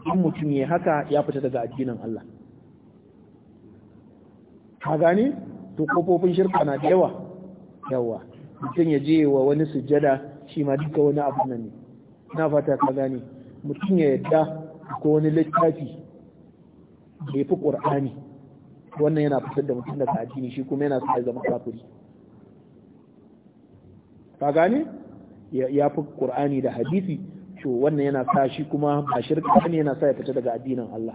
A: in mutum ya haka ya fita daga addinin Allah ka gane to kofofin shirka na da yawa yawa mutum ya je wa wani sujjada shi ma duka wani abu nan ne na fata ka gane mutum ya yadda ko wani littafi da ya fi ƙur'ani wannan yana fitar da mutum daga addini shi kuma yana sa ya zama kafiri ka gane ya fi ƙur'ani da hadisi to wannan yana sa shi kuma ba shirka ne yana sa ya fita daga addinin Allah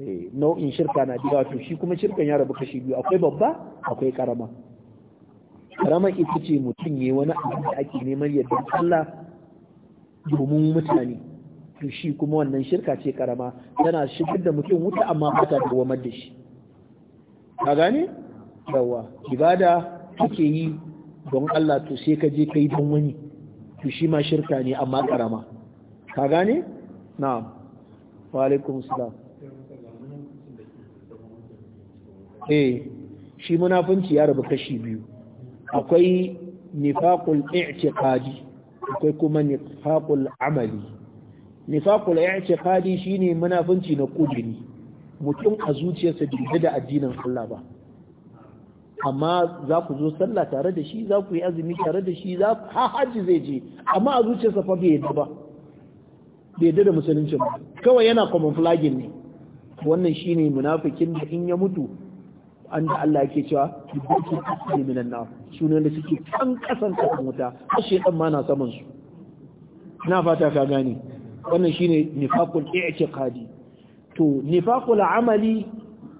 A: eh, nau'in shirka na biya to shi kuma shirkan ya rabu kashi biyu akwai babba akwai karama karama ita ce mutum ne wani abu da ake neman yadda Allah domin mutane to shi kuma wannan shirka ce karama tana shigar da mutum wuta amma ba ta dawamar da shi ka gane yawa ibada kake yi don Allah to sai ka je kai don wani to shi ma shirka ne amma karama ka gane na'am wa alaikum salam eh shi munafunci ya rabu kashi biyu akwai nifaqul i'tiqadi akwai kuma nifaqul amali nifaqul i'tiqadi shine munafunci na kudiri mutum a zuciyarsa bai da addinin Allah ba amma za ku zo sallah tare da shi za ku yi azumi tare da shi za ku ha hajji zai je amma a zuciyarsa fa bai yadda ba bai yadda da musulunci ba kawai yana common flagging ne wannan shi ne munafikin da in ya mutu an da Allah yake cewa bidduki asli minan nar sunan da suke kan kasan kasan wuta har shedan ma na saman su ina fata ka gane wannan shine nifaqul i'tiqadi to nifaqul amali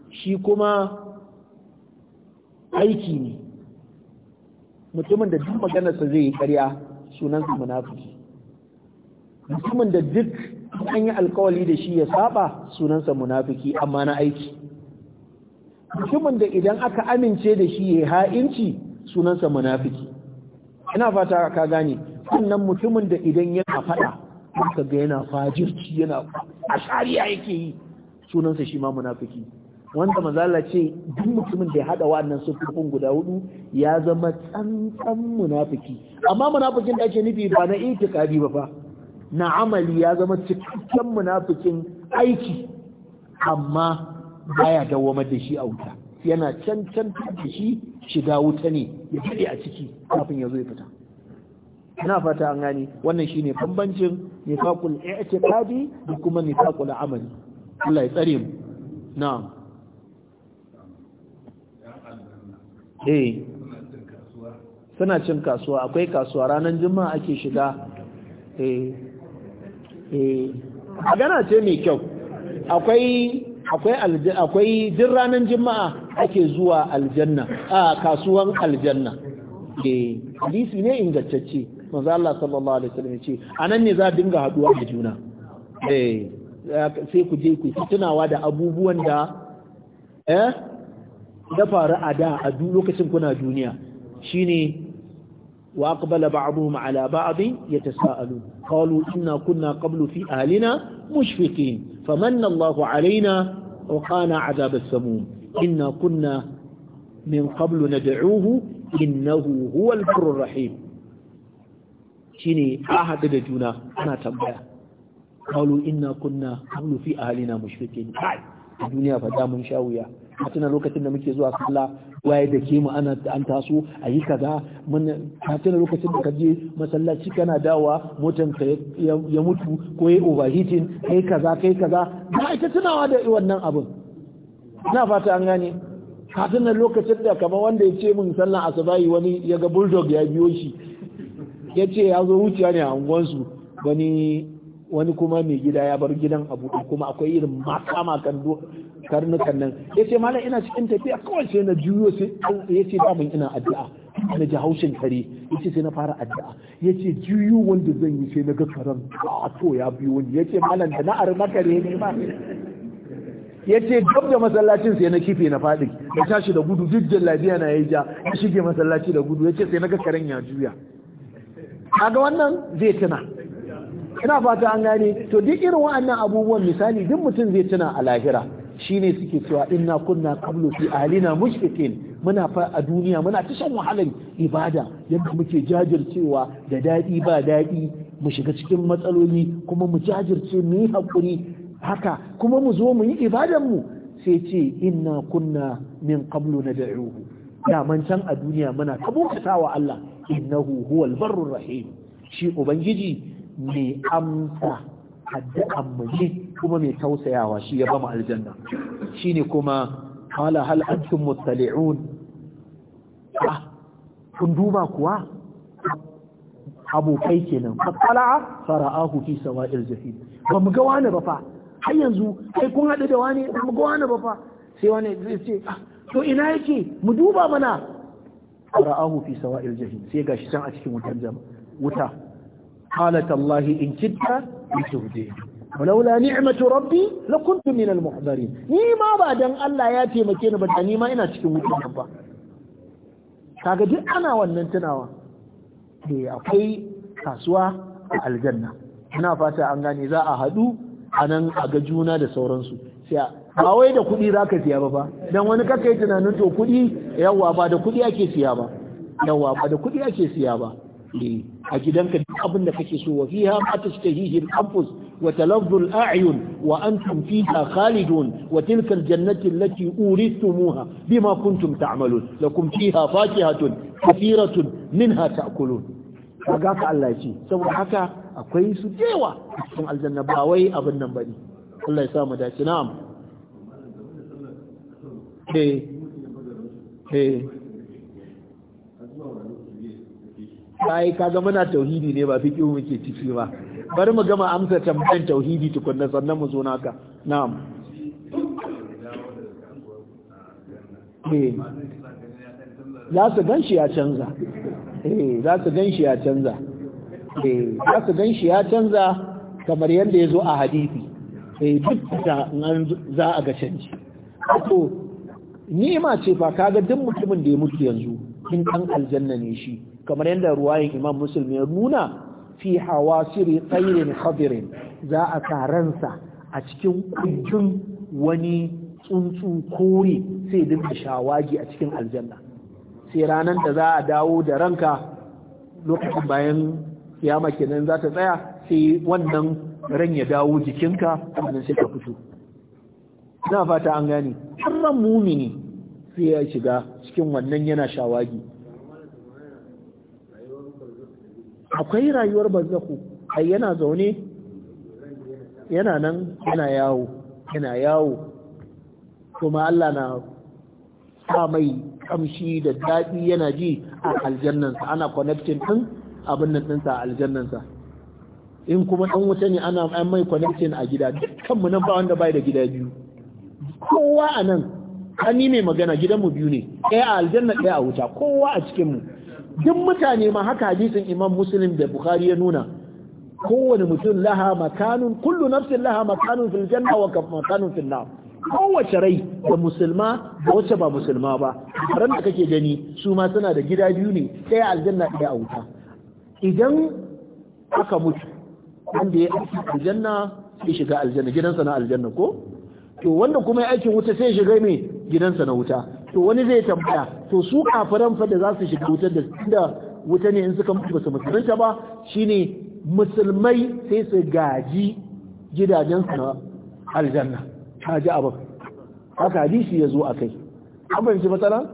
A: shi kuma aiki ne mutumin da duk maganarsa zai yi ƙarya sunansa munafiki mutumin da duk an yi alkawali da shi ya saba sunansa munafiki amma na aiki mutumin da idan aka amince da shi ya ha'inci sunansa munafiki ina fata ka gane sannan mutumin da idan yana faɗa ka ga yana fajirci yana ashariya yake yi sunansa shi ma munafiki wanda mazala ce duk mutumin da ya hada wannan sufufin guda hudu ya zama tsantsan munafiki amma munafikin da ake nufi ba na itikadi ba fa na amali ya zama cikakken munafikin aiki amma baya dawamar da shi a wuta yana cancan da shi shiga wuta ne ya fade a ciki kafin ya zo ya fita na fata an gane wannan shine bambancin nifaqul i'tiqadi da kuma nifaqul amali Allah ya tsare mu na'am eh suna cin kasuwa akwai kasuwa ranar juma'a ake shiga eh eh magana ce mai kyau akwai akwai akwai din ranar juma'a ake zuwa aljanna a kasuwan aljanna eh hadisi ne ingantacce manzo Allah sallallahu alaihi wasallam ce anan ne za dinga haduwa da juna eh sai ku je ku tunawa da abubuwan da eh da faru a da a duk lokacin kuna duniya shine wa aqbala ba'dhum ala ba'dhin yatasaalun qalu inna kunna qablu fi ahlina mushfiqin famanna Allahu alaina wa qana 'adab as-samum inna kunna min qablu nad'uhu innahu huwa al ghafurur rahim shine a hadu da juna ana tambaya qalu inna kunna qablu fi ahlina mushfiqin ai duniya fa da mun shawuya tuna lokacin da muke zuwa sallah waye da ke mu ana an taso a yi kaza mun ka tuna lokacin da ka je masallaci kana dawa motan ka ya mutu ko ya overheating kai kaza kai kaza ba ita tunawa da wannan abin. ina fata an gane ka tuna lokacin da kamar wanda ya ce min sallan asubahi wani ya ga bulldog ya biyo shi ya ce ya zo wuciya ne a unguwansu wani wani kuma mai gida ya bar gidan abu kuma akwai irin maka makan karnukan nan ya ce malam ina cikin tafiya kawai sai na juyo sai ya ce damun ina addu'a na ji haushin kare ya ce sai na fara addu'a ya ce juyo wanda zan yi sai na ga karen to ya biyo ni ya ce malam da na arma ne ma ya ce dab da masallacin sai na kife na faɗi na tashi da gudu duk jallabiya na yayi ja ya shige masallaci da gudu ya ce sai na ga karen ya juya kaga wannan zai tuna ina fata an gane to duk irin wa'annan abubuwan misali duk mutum zai tuna a lahira Shi ne suke cewa inna kunna qablu fi alina mushfiqin muna fa a duniya muna ta shan wahalar ibada yadda muke jajircewa da daɗi ba daɗi mu shiga cikin matsaloli kuma mu jajirce mu yi hakuri haka kuma mu zo mu yi ibadan mu sai ce inna kunna min qablu nad'uhu daman can a duniya muna ta wa Allah innahu huwal barrur rahim shi ubangiji mai amsa addu'an mu ne kuma mai tausayawa shi ya bama aljanna shine kuma qala hal antum muttali'un ah kun duba kuwa abokai kenan fatala'a fara'ahu fi sawa'il jahim ba mu ga wani ba fa har yanzu kai kun haɗu da wani ba mu ga wani ba fa sai wani zai ce ah, to ina yake mu duba mana fara'ahu fi sawa'il jahim sai gashi can a cikin wutar jama'a wuta قالت الله إن كدت لتبدين ولولا نعمة ربي لكنت من المحضرين نيما بعد أن الله ياتي مكين بدأ ina cikin تكون ba. kaga duk ana wannan tunawa eh akwai kasuwa a aljanna ina fata an gane za a haɗu a nan a ga juna da sauransu sai ba wai da kuɗi za ka siya ba fa dan wani kaka yi tunanin to kuɗi yawa ba da kuɗi ake siya ba yawa ba da kuɗi ake siya ba Eh, a gidanka duk abin da kake so wa fiha ma tashtahihi al-anfus wa talazzu al-a'yun wa antum fiha khalidun wa tilka al-jannati allati urithumuha bima kuntum ta'malun lakum fiha fakihatun kathiratun minha ta'kulun kaga ka Allah ce saboda haka akwai su dewa cikin aljanna ba wai abin nan bane Allah ya sa mu dace na'am eh eh kai kaga muna tauhidi ne ba fiqh muke ciki ba bari mu gama amsa tambayan tauhidi tukunna sannan mu zo naka na'am eh. za su gan shi ya canza eh za su gan shi ya canza eh za su gan shi ya canza kamar yadda ya zo a hadithi. eh duk da za a ga canji to ma ce fa kaga duk mutumin da ya mutu yanzu in kan aljanna ne shi kamar yadda ruwayin imam musulmi ya nuna fi hawasiri tsayirin khadirin za a karansa a cikin kujin wani tsuntsu kore sai da shawagi a cikin aljanna sai ranar da za a dawo da ranka lokacin bayan kiyama zata za ta tsaya sai wannan ran ya dawo jikinka sannan sai ka fito ina fata an gani har ran mumini sai ya shiga cikin wannan yana shawagi akwai rayuwar banzaku ai yana zaune yana nan yana yawo yana yawo kuma Allah na sa mai kamshi da daɗi yana ji a aljannansa ana connecting ɗin abin nan ɗinsa a aljannansa in kuma ɗan wuta ne ana an mai connecting a gida dukkanmu nan ba wanda bai da gida biyu kowa a nan ne magana gidanmu biyu ne ɗaya a aljanna ɗaya a wuta kowa a cikinmu duk mutane ma haka hadisin imam muslim da bukhari ya nuna kowane mutum laha makanun kullu nafsin laha makanun fil janna wa makanun fil nar kowace rai da musulma da wacce ba musulma ba ran da kake gani su ma suna da gida biyu ne ɗaya aljanna ɗaya a wuta idan aka mutu wanda ya aiki aljanna sai shiga aljanna gidansa na aljanna ko to wanda kuma ya aikin wuta sai shiga mai gidansa na wuta to wani zai tambaya to su kafiran fa da za su shiga wutar da wuta ne in suka mutu ba su musulunta ba shine musulmai sai su gaji gidajen su na aljanna ta ji abin haka hadisi ya zo a kai an fahimci matsala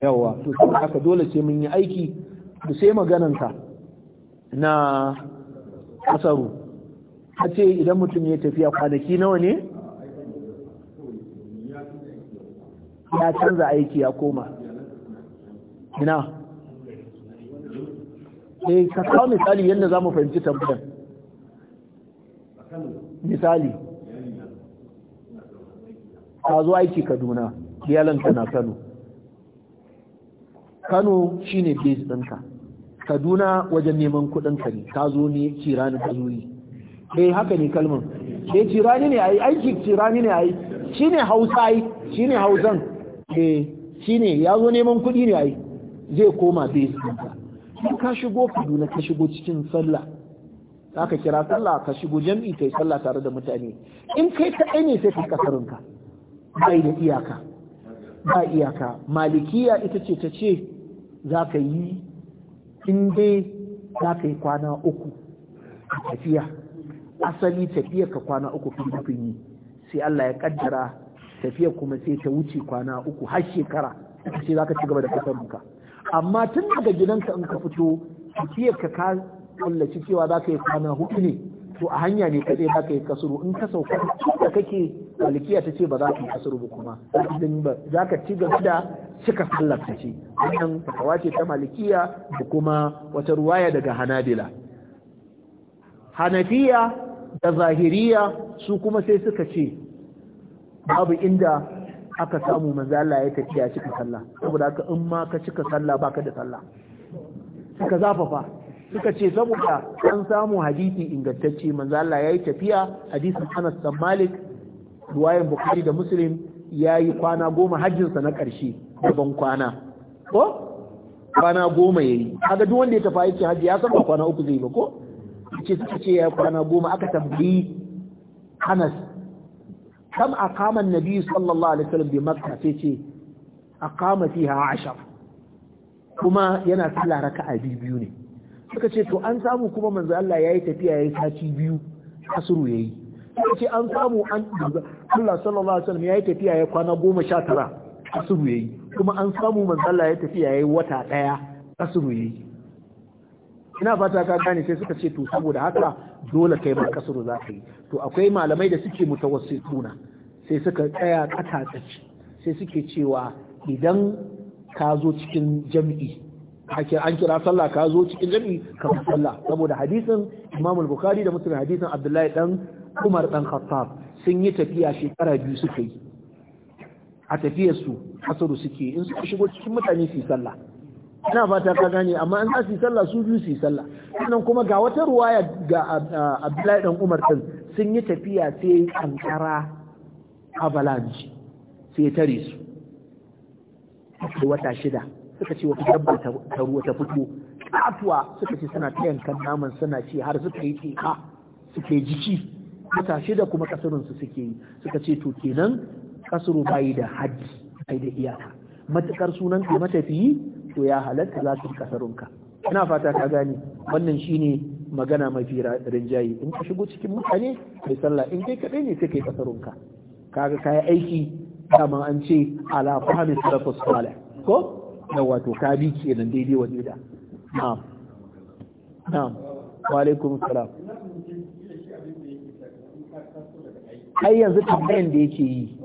A: yawa to saboda haka dole ce mun yi aiki da sai ka na asaru a ce idan mutum ya tafiya kwanaki nawa ne ya canza aiki ya koma ina eh ka kawo misali yadda za mu fahimci tambayar misali ka zo aiki kaduna iyalanka na kano kano shi ne base ɗinka kaduna wajen neman kuɗinka ne ka zo ne kirani ka zuri eh haka ne kalmar eh kirani ne a yi, aiki kirani ne a yi. Shi ne hausa ai ne hausan Eh, shi ne. ya zo neman kuɗi ne ai zai koma base ɗinka in ka shigo kaduna ka shigo cikin sallah za ka kira sallah ka shigo jam'i kai sallah tare da mutane in kai kaɗai ne sai ka kasarinka bai da iyaka ba iyaka malikiya ita ce ta ce za ka yi in dai za ka yi kwana uku a tafiya asali tafiya ka kwana uku fi yi sai Allah ya kaddara tafiya kuma sai ta wuce kwana uku har shekara sai za ka ci gaba da ka. amma tun daga gidanka in ka fito tafiyar ka ka kullaci cewa za ka yi kwana hudu ne to a hanya ne kaɗai za ka yi kasuru in ka sauka da kake malikiya ta ce ba za ka yi kasuru ba kuma za ka ci gaba da cika sallar ta ce wannan fatawa ce ta malikiya da kuma wata ruwaya daga hanabila hanafiya da zahiriya su kuma sai suka ce babu inda aka samu manzo Allah ya tafi ya cika sallah saboda haka in ma ka cika sallah baka da sallah suka zafafa suka ce saboda an samu hadisi ingantacce manzo Allah yi tafiya hadisin Anas bin Malik ruwayan Bukhari da Muslim yayi kwana goma hajjinsa na karshe daban kwana ko kwana goma yayi kaga duk wanda ya tafi yake hajji ya san ba kwana uku zai ba ko ce suka ce ya kwana goma aka tambayi Anas kam أقام النبي صلى الله عليه وسلم بمكة تيتي sai فيها عشر كما 10 kuma yana sallah biyu ne suka ce to an samu kuma manzo Allah yayi tafiya yayi sati biyu asuru yayi suka ce an samu an Allah sallallahu alaihi wasallam yayi tafiya yayi kwana 19 asuru yayi kuma an samu manzo Allah yayi tafiya yayi wata daya asuru yayi ina fata ka gane sai suka ce to saboda haka dole kai ma kasar za ka yi to akwai malamai da suke mutawassituna sai suka tsaya katatsaci sai suke cewa idan ka zo cikin jam'i an kira sallah ka zo cikin jam'i ka sallah saboda hadisin Imam al-Bukhari da Muslim hadisin Abdullahi dan Umar dan Khattab sun yi tafiya shekara biyu suka yi a tafiyar su suke in suka shigo cikin mutane su sallah ina fata ka gane amma an za su yi sallah su biyu su yi sallah sannan kuma ga wata ruwaya ga abdullahi dan umar din sun yi tafiya sai kankara avalanche sai tare su sai wata shida suka ce wata dabba ta ruwa ta fito katuwa suka ce suna ta yankan naman suna ci har suka yi teka suke jiki wata shida kuma kasurin su suke yi suka ce to kenan kasuru bai da haddi bai da iyaka matukar sunan ka matafiyi to ya halatta za ka kasarunka ina fata ka gane wannan shine magana mafi rinjaye in ka shigo cikin mutane kai sallah in kai kadai ne sai kai kasarunka kaga kai aiki dama an ce ala fahmi salafus salih ko na wato ka bi kenan daidai wani da na'am na'am wa alaikum salam ai yanzu tambayan da yake yi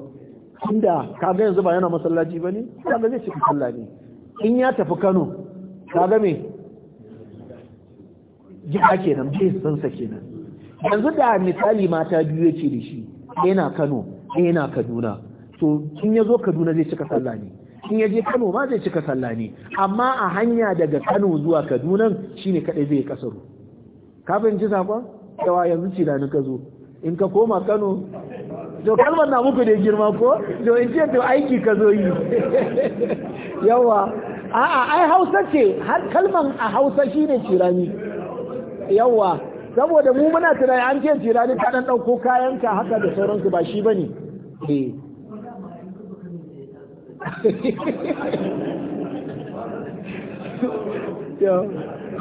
A: tunda kaga yanzu ba yana masallaci bane kaga zai ci sallah ne in ya tafi kano kaga me gida kenan bai sansa kenan yanzu da misali mata biyu yake da shi yana kano yana kaduna to in ya zo kaduna zai cika sallah ne in ya je kano ma zai cika sallah ne amma a hanya daga kano zuwa kaduna shine kadai zai kasaro ka ji sakon yawa yanzu ci da ni ka zo in ka koma kano to kalmar na muku da girma ko jo in ce to aiki ka zo yi [laughs] yawa a'a ai hausa ce har kalman a hausa shine cirani yawa saboda mu muna tunani an ce cirani ta dan dauko kayanka haka da sauransu ba shi bane eh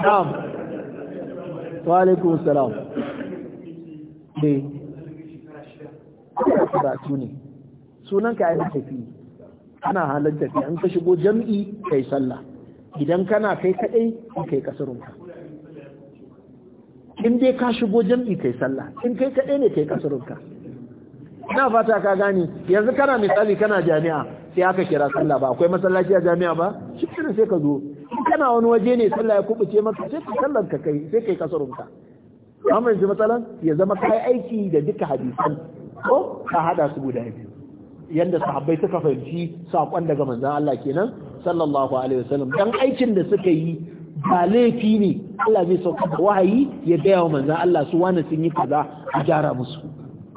A: na'am wa alaikum salam eh Sunan ka sunanka ai tafi ana halatta tafi an ka shigo jam'i kai sallah idan kana kai kadai kai kasurunka in dai ka shigo jam'i kai sallah in kai kadai ne kai kasurunka ina fata ka gani yanzu kana misali kana jami'a sai aka kira sallah ba akwai masallaci a jami'a ba shi sai ka zo in kana wani waje ne sallah ya kubuce maka sai ka sallar ka kai sai kai kasurunka amma yanzu matsalan ya zama kai aiki da duka hadisan ko ka hada su guda biyu yadda sahabbai suka fahimci saƙon daga manzan Allah kenan sallallahu alaihi wasallam dan aikin da suka yi ba laifi ne Allah zai sauka da wahayi ya gaya wa manzan Allah su wani sun yi kaza a gyara musu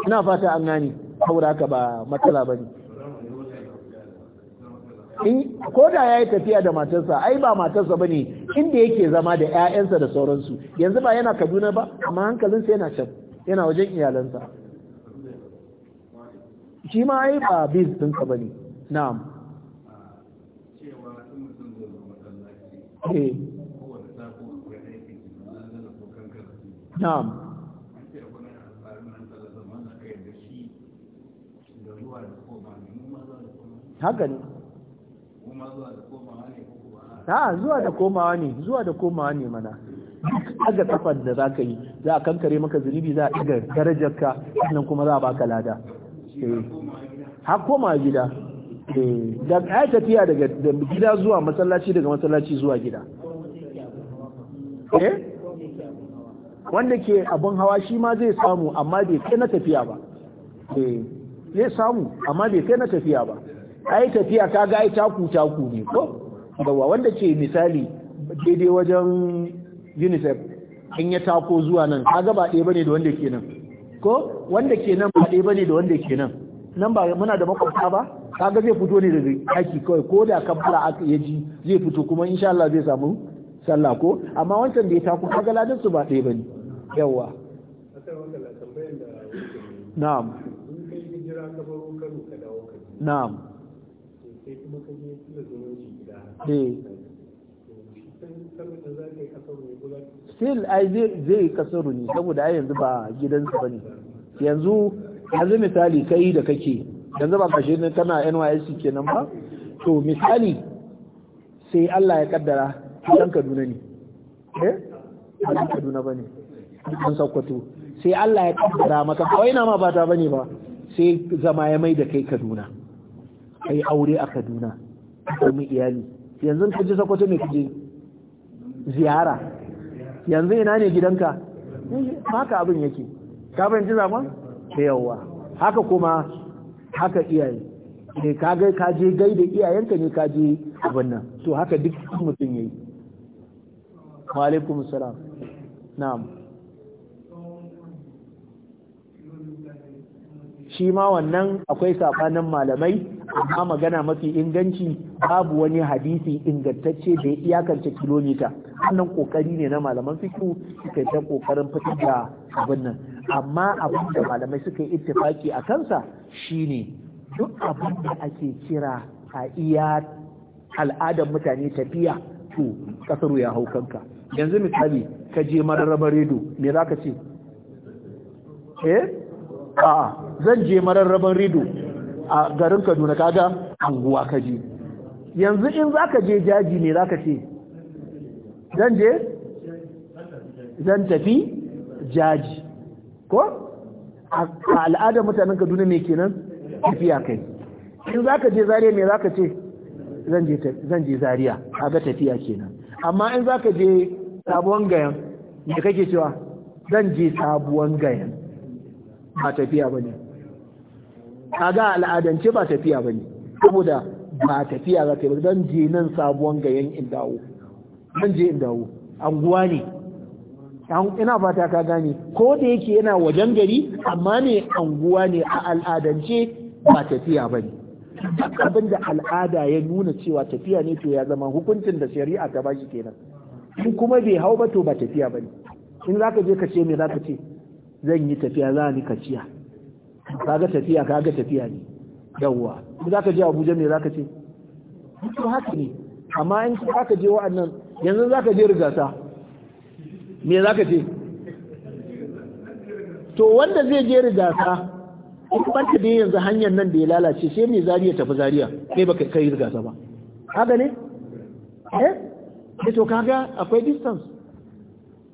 A: ina fata an gane saboda haka ba matsala bane in ko da yayi tafiya da matarsa ai ba matarsa bane inda yake zama da ƴaƴansa da sauransu yanzu ba yana Kaduna ba amma hankalinsa yana can yana wajen iyalansa shi ma ai ba biz din ka bane na'am cewa eh. na'am haka ne ha zuwa da komawa ne zuwa da komawa ne mana aga kafan da za ka yi za a kankare maka zunubi za a ɗaga darajarka sannan kuma za a baka lada Eh. har koma gida eh. da ya tafiya daga gida zuwa masallaci daga masallaci zuwa gida eh? wanda ke abin hawa shi ma zai samu amma bai kai na tafiya ba zai samu amma bai kai na tafiya ba A yi tafiya ka ga ai taku taku ne ko dawa wanda ke misali daidai wajen UNICEF in ya tako zuwa nan ka gaba ɗaya bane da wanda ke nan ko wanda ke nan ba ɗaya bane da wanda ke nan nan ba muna da makwabta ba kaga zai fito ne daga aiki kawai ko da kabbala aka ya ji zai fito kuma insha Allah zai samu sallah ko amma wancan da ya taku kaga ladan su ba ɗaya bane yawa na'am na'am eh, still ai zai kasaru ne saboda ai yanzu ba gidansu ba ne yanzu yanzu misali kai da kake yanzu ba kashe ne kana NYSC kenan ba to misali sai Allah ya kaddara dan Kaduna ne eh dan Kaduna bane dan Sokoto sai Allah ya kaddara maka kawai na ma ba ta bane ba sai zama ya mai da kai Kaduna kai aure a Kaduna kuma iyali yanzu ka je Sokoto me kuje ziyara yanzu ina ne gidanka haka abin yake ka fahimci zama? da yawa haka kuma haka iyaye ne eh, ka ga ka je gai da iyayenka ne ka je abin nan to haka duk mutum yayi wa alaikum salam na'am shi ma wannan akwai safanin malamai amma magana mafi inganci babu wani hadisi ingantacce da ya iyakance kilomita wannan kokari ne na malaman fiku suka ta kokarin fitar da abin nan amma abin da malamai suka yi ittifaki a kansa shine duk abin da ake kira a iya al'adar mutane tafiya to kasaru ya hau kanka yanzu misali ka je mararraba redo me za ka ce eh a'a zan je mararraban rido a garin kaduna kaga anguwa ka je yanzu in za ka je jaji ne za ka ce zan je zan tafi jaji ko a al'adar mutanen kaduna ne kenan tafiya kai in za ka je zariya ne za ka ce zan je zariya a ga tafiya kenan amma in za ka je sabuwan gayan me kake cewa zan je sabuwan gayan ba tafiya ba ne kaga al'adance ba tafiya ba ne saboda ba tafiya za ta yi don je nan sabuwan gayen in dawo zan je in dawo anguwa ne ina fata ka gane ko da yake yana wajen gari amma ne anguwa ne a al'adance ba tafiya ba ne abin da al'ada ya nuna cewa tafiya ne to ya zama hukuncin da shari'a ta ba shi kenan in kuma bai hau ba to ba tafiya ba ne in za ka je ka ce me za ka ce zan yi tafiya za ni kaciya kaga tafiya kaga tafiya ne yawwa za ka je abuja me za ka ce to haka ne amma in za ka je wa'annan yanzu za ka je rigasa me za ka ce to wanda zai je rigasa in barka da yanzu hanyar nan da ya lalace sai me zariya tafi zariya kai baka kai rigasa ba haka ne eh? eh to kaga akwai distance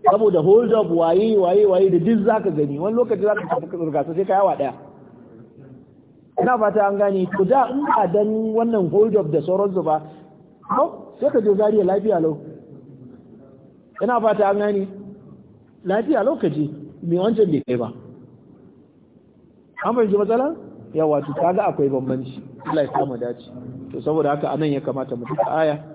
A: saboda hold up waye waye waye da duk zaka gani wani lokaci zaka tafi ka zurga sai ka yawa daya ina fata an gane to da in ba dan wannan hold up da sauransu ba sai ka je zariya lafiya lau ina fata an gane lafiya lokaci me wancan bai kai ba an ji matsala yawa to kaga akwai bambanci Allah ya kama dace to saboda haka anan ya kamata mu duka aya